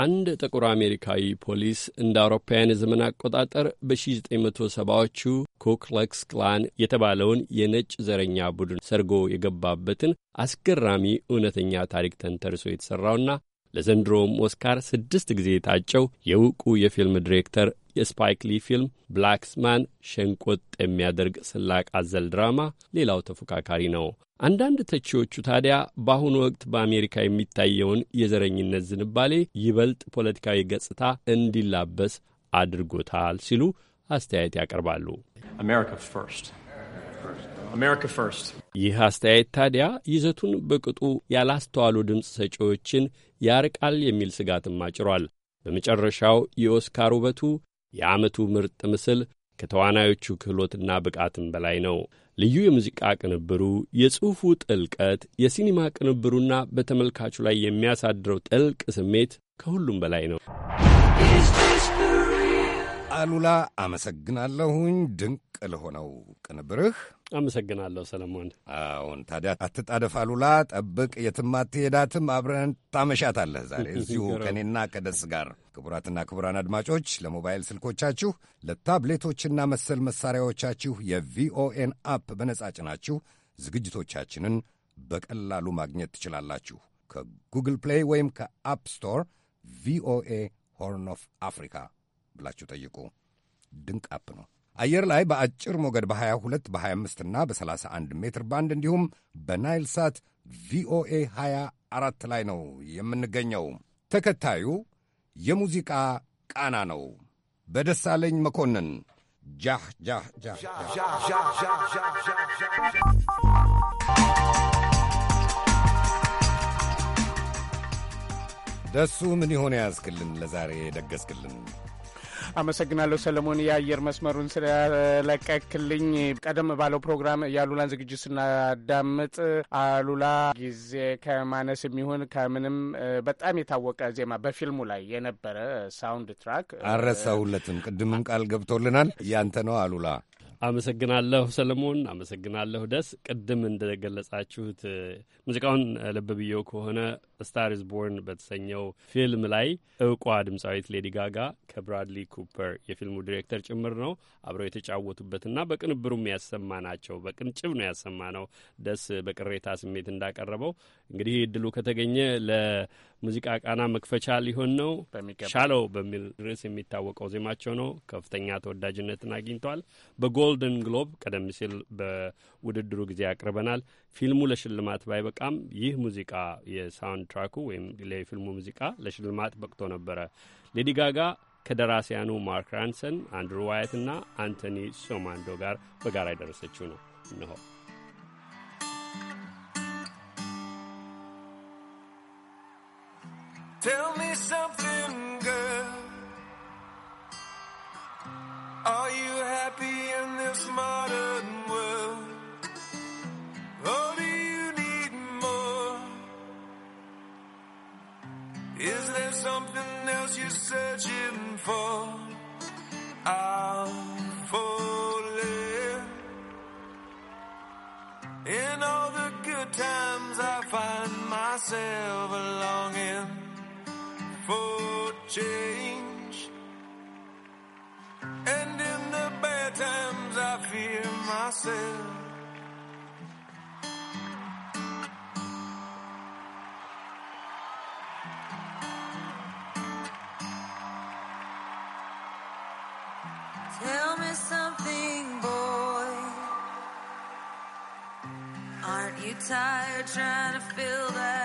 አንድ ጥቁር አሜሪካዊ ፖሊስ እንደ አውሮፓውያን የዘመን አቆጣጠር በ1970ዎቹ ኩክለክስ ክላን የተባለውን የነጭ ዘረኛ ቡድን ሰርጎ የገባበትን አስገራሚ እውነተኛ ታሪክ ተንተርሶ የተሠራውና ለዘንድሮም ኦስካር ስድስት ጊዜ የታጨው የውቁ የፊልም ዲሬክተር የስፓይክ ሊ ፊልም ብላክስማን ሸንቆጥ የሚያደርግ ስላቅ አዘል ድራማ ሌላው ተፎካካሪ ነው። አንዳንድ ተቺዎቹ ታዲያ በአሁኑ ወቅት በአሜሪካ የሚታየውን የዘረኝነት ዝንባሌ ይበልጥ ፖለቲካዊ ገጽታ እንዲላበስ አድርጎታል ሲሉ አስተያየት ያቀርባሉ። ይህ አስተያየት ታዲያ ይዘቱን በቅጡ ያላስተዋሉ ድምፅ ሰጪዎችን ያርቃል የሚል ስጋትም አጭሯል። በመጨረሻው የኦስካር ውበቱ የዓመቱ ምርጥ ምስል ከተዋናዮቹ ክህሎትና ብቃትም በላይ ነው። ልዩ የሙዚቃ ቅንብሩ፣ የጽሑፉ ጥልቀት፣ የሲኒማ ቅንብሩና በተመልካቹ ላይ የሚያሳድረው ጥልቅ ስሜት ከሁሉም በላይ ነው። አሉላ አመሰግናለሁኝ ድንቅ ለሆነው ቅንብርህ። አመሰግናለሁ ሰለሞን። አሁን ታዲያ አትጣደፍ አሉላ፣ ጠብቅ፣ የትም አትሄዳትም፣ አብረን ታመሻታለህ። ዛሬ እዚሁ ከእኔና ከደስ ጋር። ክቡራትና ክቡራን አድማጮች ለሞባይል ስልኮቻችሁ ለታብሌቶችና መሰል መሳሪያዎቻችሁ የቪኦኤን አፕ በነጻ ጭናችሁ ዝግጅቶቻችንን በቀላሉ ማግኘት ትችላላችሁ። ከጉግል ፕሌይ ወይም ከአፕ ስቶር ቪኦኤ ሆርን ኦፍ አፍሪካ ብላችሁ ጠይቁ። ድንቅ አፕ ነው። አየር ላይ በአጭር ሞገድ በ22 በ25 እና በ31 ሜትር ባንድ እንዲሁም በናይል ሳት ቪኦኤ 24 ላይ ነው የምንገኘው። ተከታዩ የሙዚቃ ቃና ነው። በደሳለኝ መኮንን ጃህ ጃህ ጃህ ደሱ ምን ይሆን ያዝክልን? ለዛሬ የደገስክልን አመሰግናለሁ ሰለሞን፣ የአየር መስመሩን ስለለቀክልኝ። ቀደም ባለው ፕሮግራም የአሉላን ዝግጅት ስናዳምጥ አሉላ ጊዜ ከማነስ የሚሆን ከምንም በጣም የታወቀ ዜማ በፊልሙ ላይ የነበረ ሳውንድ ትራክ አረሳሁለትም። ቅድምም ቃል ገብቶልናል። ያንተ ነው አሉላ። አመሰግናለሁ ሰለሞን፣ አመሰግናለሁ ደስ። ቅድም እንደገለጻችሁት ሙዚቃውን ልብ ብዬው ከሆነ ስታር ኢዝ ቦርን በተሰኘው ፊልም ላይ እውቋ ድምፃዊት ሌዲ ጋጋ ከብራድሊ ኩፐር የፊልሙ ዲሬክተር ጭምር ነው አብረው የተጫወቱበትና በቅንብሩም ያሰማ ናቸው። በቅንጭብ ነው ያሰማ ነው። ደስ በቅሬታ ስሜት እንዳቀረበው እንግዲህ እድሉ ከተገኘ ለሙዚቃ ቃና መክፈቻ ሊሆን ነው። ሻለው በሚል ርዕስ የሚታወቀው ዜማቸው ነው። ከፍተኛ ተወዳጅነትን አግኝተዋል። በጎልደን ግሎብ ቀደም ሲል በውድድሩ ጊዜ ያቅርበናል። ፊልሙ ለሽልማት ባይበቃም ይህ ሙዚቃ የሳውንድ ትራኩ ወይም ለፊልሙ ሙዚቃ ለሽልማት በቅቶ ነበረ። ሌዲ ጋጋ ከደራሲያኑ ማርክ ራንሰን፣ አንድሩ ዋየት እና አንቶኒ ሶማንዶ ጋር በጋራ የደረሰችው ነው። እንሆ Tell me something, girl. Are you happy in this modern searching for, I'm falling. In all the good times, I find myself longing for change. And in the bad times, I fear myself. tired trying to feel that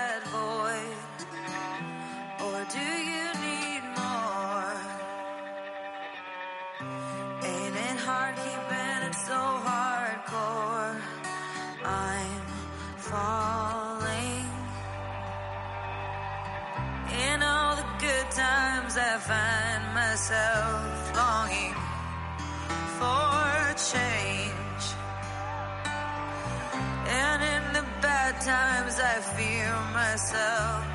Sometimes I fear myself.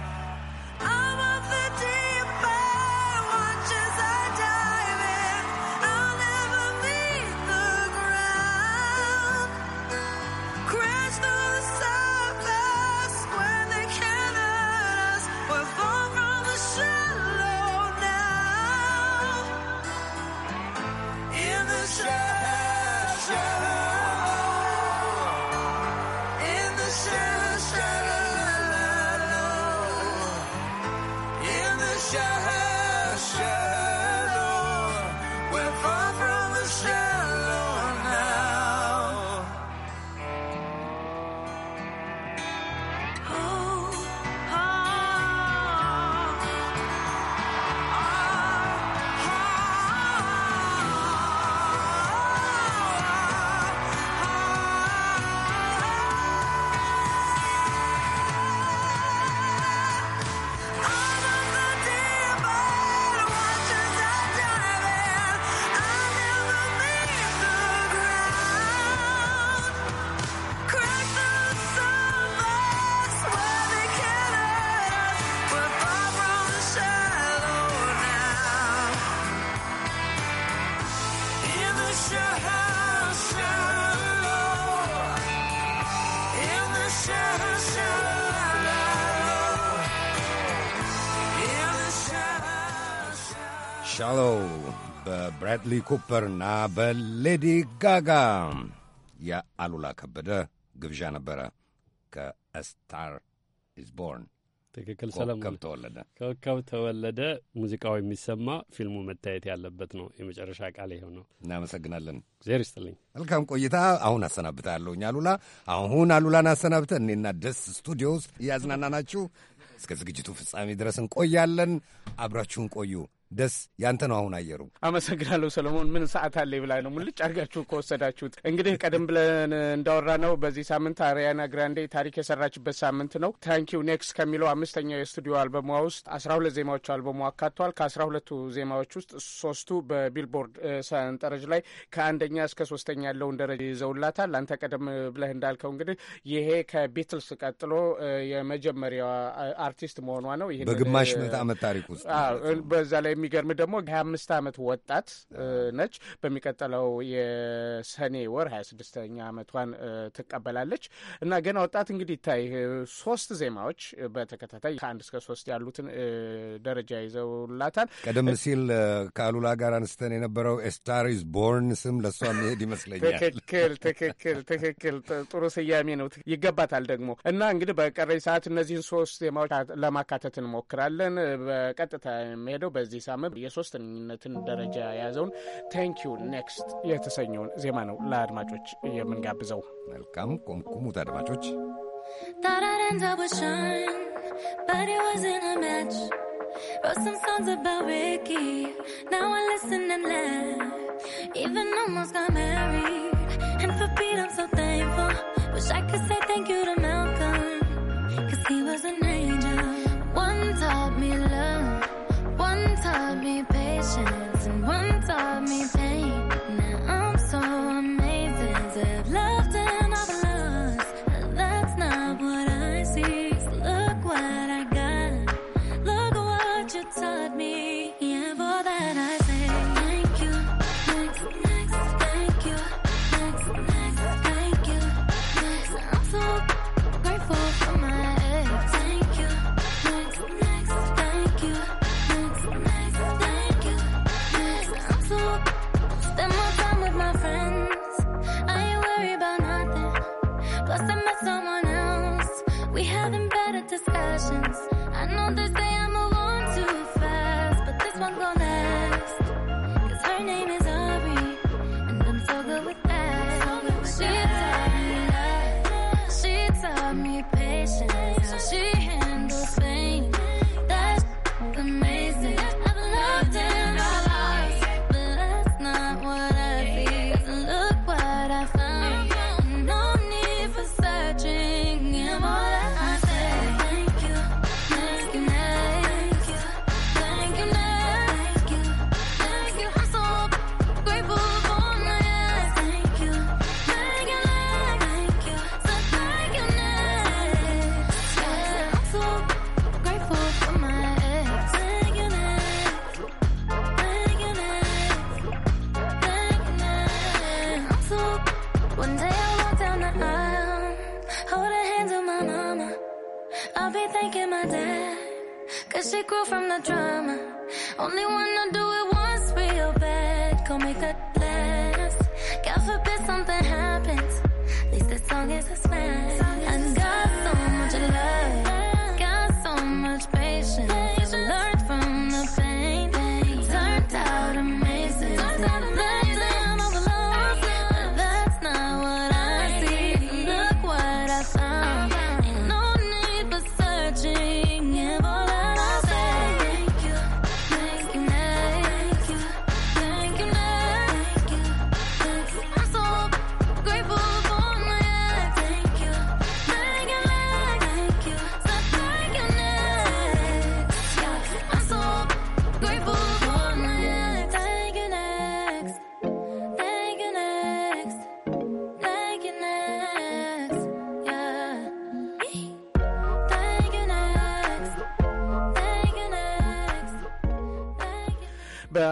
በብራድሊ ኩፐርና በሌዲ ጋጋ የአሉላ ከበደ ግብዣ ነበረ። ከስታር ኢዝ ቦርን ትክክል ሰለሞን። ኮከብ ተወለደ፣ ኮከብ ተወለደ ሙዚቃው የሚሰማ ፊልሙ መታየት ያለበት ነው። የመጨረሻ ቃል ይሄው ነው። እናመሰግናለን። እግዚአብሔር ይስጥልኝ። መልካም ቆይታ። አሁን አሰናብታለሁኝ አሉላ። አሁን አሉላን አሰናብተ እኔና ደስ ስቱዲዮ ውስጥ እያዝናና ናችሁ እስከ ዝግጅቱ ፍጻሜ ድረስ እንቆያለን። አብራችሁን ቆዩ። ደስ ያንተ ነው። አሁን አየሩ አመሰግናለሁ ሰለሞን። ምን ሰዓት አለ ብላ ነው ሙልጭ አድርጋችሁ ከወሰዳችሁት። እንግዲህ ቀደም ብለን እንዳወራ ነው በዚህ ሳምንት አሪያና ግራንዴ ታሪክ የሰራችበት ሳምንት ነው። ታንኪው ኔክስት ከሚለው አምስተኛው የስቱዲዮ አልበሟ ውስጥ አስራ ሁለት ዜማዎች አልበሟ አካቷል። ከአስራ ሁለቱ ዜማዎች ውስጥ ሶስቱ በቢልቦርድ ሰንጠረዥ ላይ ከአንደኛ እስከ ሶስተኛ ያለውን ደረጃ ይዘውላታል። አንተ ቀደም ብለህ እንዳልከው እንግዲህ ይሄ ከቢትልስ ቀጥሎ የመጀመሪያዋ አርቲስት መሆኗ ነው። ይህ በግማሽ ምዕተ ዓመት ታሪክ ውስጥ በዛ ላይ የሚገርም ደግሞ ሀያ አምስት አመት ወጣት ነች። በሚቀጥለው የሰኔ ወር ሀያ ስድስተኛ አመቷን ትቀበላለች እና ገና ወጣት እንግዲህ ይታይ ሶስት ዜማዎች በተከታታይ ከአንድ እስከ ሶስት ያሉትን ደረጃ ይዘውላታል። ቀደም ሲል ከአሉላ ጋር አንስተን የነበረው ኤስታሪዝ ቦርን ስም ለእሷ መሄድ ይመስለኛል። ትክክል ትክክል ትክክል። ጥሩ ስያሜ ነው፣ ይገባታል ደግሞ እና እንግዲህ በቀረኝ ሰዓት እነዚህን ሶስት ዜማዎች ለማካተት እንሞክራለን። በቀጥታ የሚሄደው በዚህ ሲያሳምር የሶስተኝነትን ደረጃ የያዘውን ታንኪዩ ኔክስት የተሰኘውን ዜማ ነው ለአድማጮች የምንጋብዘው። መልካም አድማጮች። i but it wasn't a match. Wrote some songs about Ricky, now I listen and laugh. Even almost got married, and for Pete I'm so thankful. Wish I could say thank you to Malcolm, cause he was an angel. taught me patience and one taught me pain.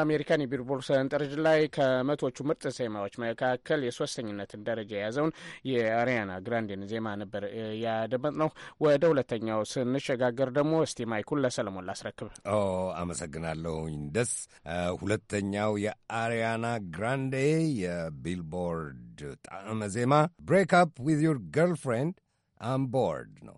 የአሜሪካን የቢልቦርድ ሰንጠረዥ ላይ ከመቶቹ ምርጥ ዜማዎች መካከል የሶስተኝነትን ደረጃ የያዘውን የአሪያና ግራንዴን ዜማ ነበር ያደመጥነው። ወደ ሁለተኛው ስንሸጋገር ደግሞ እስቲ ማይኩን ለሰለሞን ላስረክብ። ኦ አመሰግናለሁኝ። ደስ ሁለተኛው የአሪያና ግራንዴ የቢልቦርድ ጣዕመ ዜማ ብሬክ አፕ ዊዝ ዩር ገርልፍሬንድ አም ቦርድ ነው።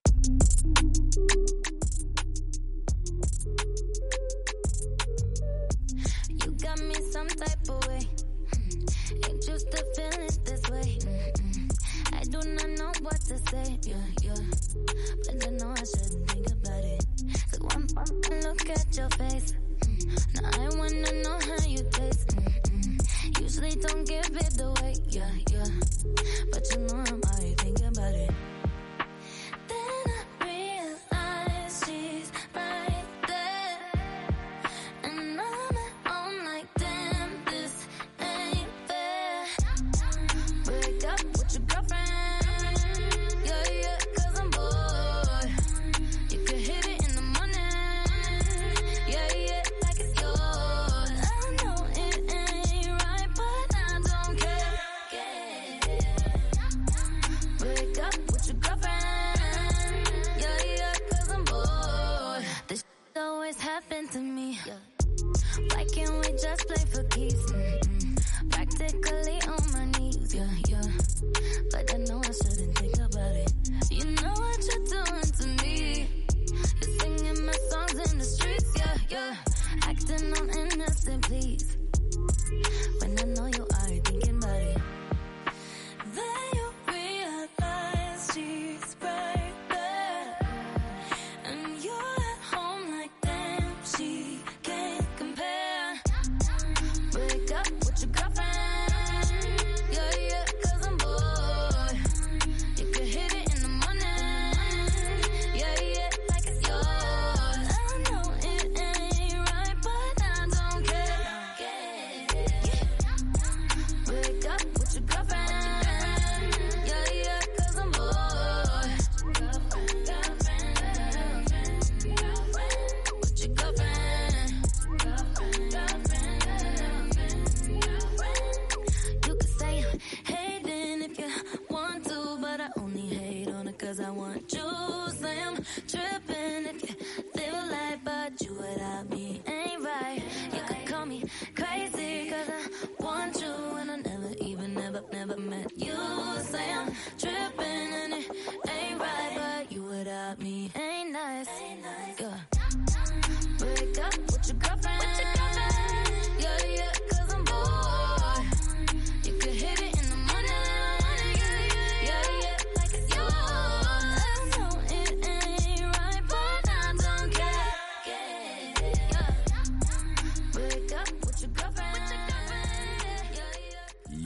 type of way. Mm-hmm. Ain't used to feeling this way. Mm-hmm. I do not know what to say. Yeah, yeah. But I know I should think about it. So one look at your face. Mm-hmm. Now I wanna know how you taste. Usually don't give it away. Yeah, yeah. But you know I'm already thinking about it.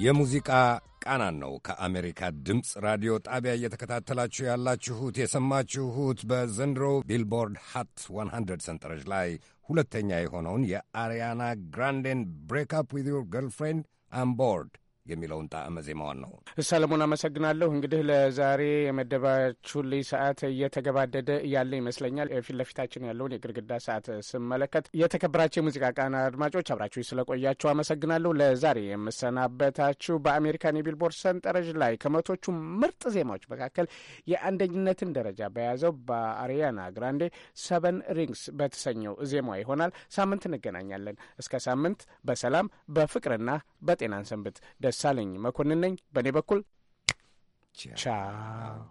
የሙዚቃ ቃናን ነው ከአሜሪካ ድምፅ ራዲዮ ጣቢያ እየተከታተላችሁ ያላችሁት። የሰማችሁት በዘንድሮ ቢልቦርድ ሃት 100 ሰንጠረዥ ላይ ሁለተኛ የሆነውን የአሪያና ግራንዴን ብሬክ አፕ ዊዝ ዮር ገርልፍሬንድ አምቦርድ የሚለውን ጣዕመ ዜማዋን ነው። ሰለሞን አመሰግናለሁ። እንግዲህ ለዛሬ የመደባችሁልኝ ሰዓት እየተገባደደ እያለ ይመስለኛል። የፊት ለፊታችን ያለውን የግድግዳ ሰዓት ስመለከት የተከበራቸው የሙዚቃ ቃና አድማጮች አብራችሁ ስለቆያችሁ አመሰግናለሁ። ለዛሬ የምሰናበታችሁ በአሜሪካን የቢልቦርድ ሰንጠረዥ ላይ ከመቶቹ ምርጥ ዜማዎች መካከል የአንደኝነትን ደረጃ በያዘው በአሪያና ግራንዴ ሰቨን ሪንግስ በተሰኘው ዜማ ይሆናል። ሳምንት እንገናኛለን። እስከ ሳምንት በሰላም በፍቅርና በጤናን ሰንብት። ደሳለኝ መኮንን ነኝ። በእኔ በኩል ቻው።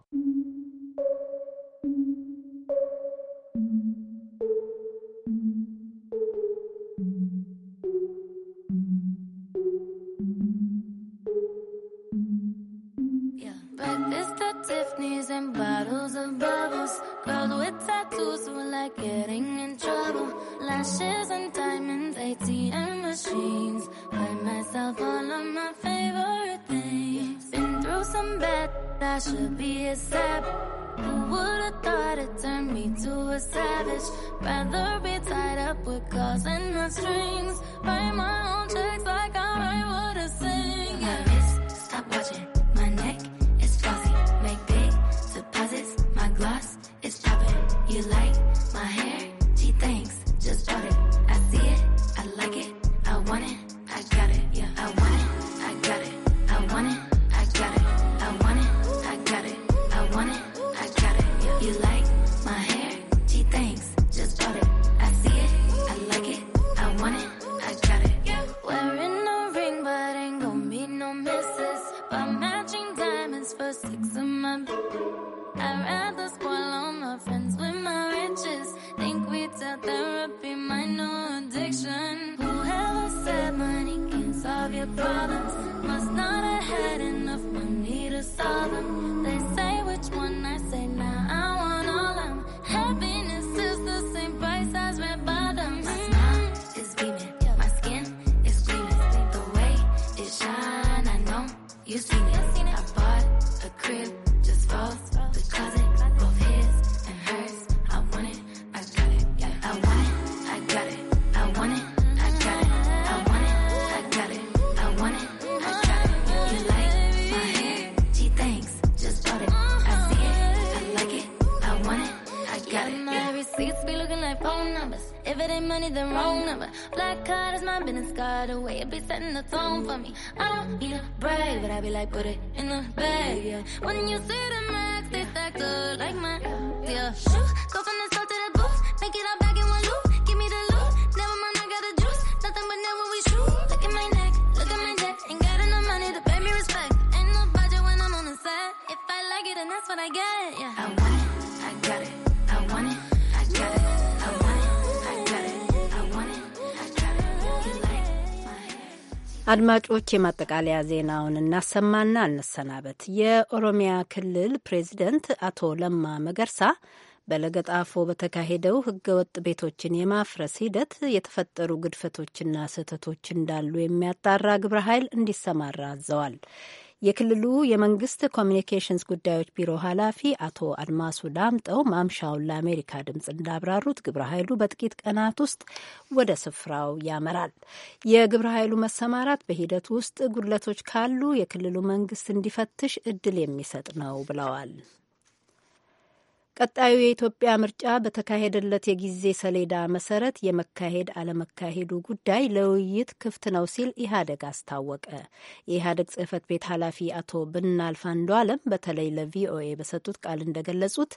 Tiffany's and bottles of bubbles. Girls with tattoos who like getting in trouble. Lashes and diamonds, ATM machines. Buy myself all of my favorite things. Been through some bad, I should be a sap. Who would've thought it turned me to a savage? Rather be tied up with calls and the strings. Write my own checks like I am what I sing. Yeah. Stop watching. want it. አድማጮች የማጠቃለያ ዜናውን እናሰማና እንሰናበት። የኦሮሚያ ክልል ፕሬዚደንት አቶ ለማ መገርሳ በለገጣፎ በተካሄደው ህገወጥ ቤቶችን የማፍረስ ሂደት የተፈጠሩ ግድፈቶችና ስህተቶች እንዳሉ የሚያጣራ ግብረ ኃይል እንዲሰማራ አዘዋል። የክልሉ የመንግስት ኮሚኒኬሽንስ ጉዳዮች ቢሮ ኃላፊ አቶ አድማሱ ዳምጠው ማምሻውን ለአሜሪካ ድምፅ እንዳብራሩት ግብረ ኃይሉ በጥቂት ቀናት ውስጥ ወደ ስፍራው ያመራል። የግብረ ኃይሉ መሰማራት በሂደቱ ውስጥ ጉድለቶች ካሉ የክልሉ መንግስት እንዲፈትሽ እድል የሚሰጥ ነው ብለዋል። ቀጣዩ የኢትዮጵያ ምርጫ በተካሄደለት የጊዜ ሰሌዳ መሰረት የመካሄድ አለመካሄዱ ጉዳይ ለውይይት ክፍት ነው ሲል ኢህአደግ አስታወቀ። የኢህአደግ ጽህፈት ቤት ኃላፊ አቶ ብናልፍ አለም በተለይ ለቪኦኤ በሰጡት ቃል እንደገለጹት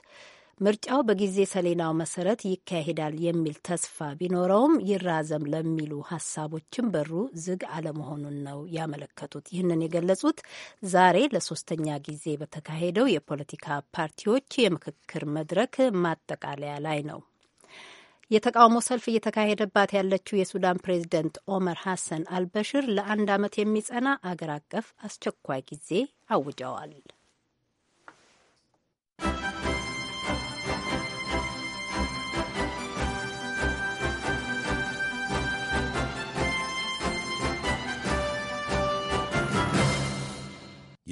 ምርጫው በጊዜ ሰሌናው መሰረት ይካሄዳል የሚል ተስፋ ቢኖረውም ይራዘም ለሚሉ ሀሳቦችን በሩ ዝግ አለመሆኑን ነው ያመለከቱት። ይህንን የገለጹት ዛሬ ለሶስተኛ ጊዜ በተካሄደው የፖለቲካ ፓርቲዎች የምክክር መድረክ ማጠቃለያ ላይ ነው። የተቃውሞ ሰልፍ እየተካሄደባት ያለችው የሱዳን ፕሬዝደንት ኦመር ሐሰን አልበሽር ለአንድ ዓመት የሚጸና አገር አቀፍ አስቸኳይ ጊዜ አውጀዋል።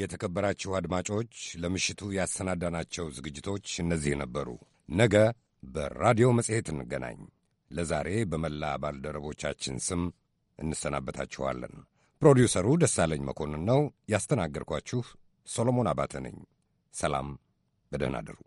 የተከበራችሁ አድማጮች ለምሽቱ ያሰናዳናቸው ዝግጅቶች እነዚህ ነበሩ። ነገ በራዲዮ መጽሔት እንገናኝ። ለዛሬ በመላ ባልደረቦቻችን ስም እንሰናበታችኋለን። ፕሮዲውሰሩ ደሳለኝ መኮንን ነው። ያስተናገድኳችሁ ሰሎሞን አባተ ነኝ። ሰላም፣ በደህና አደሩ።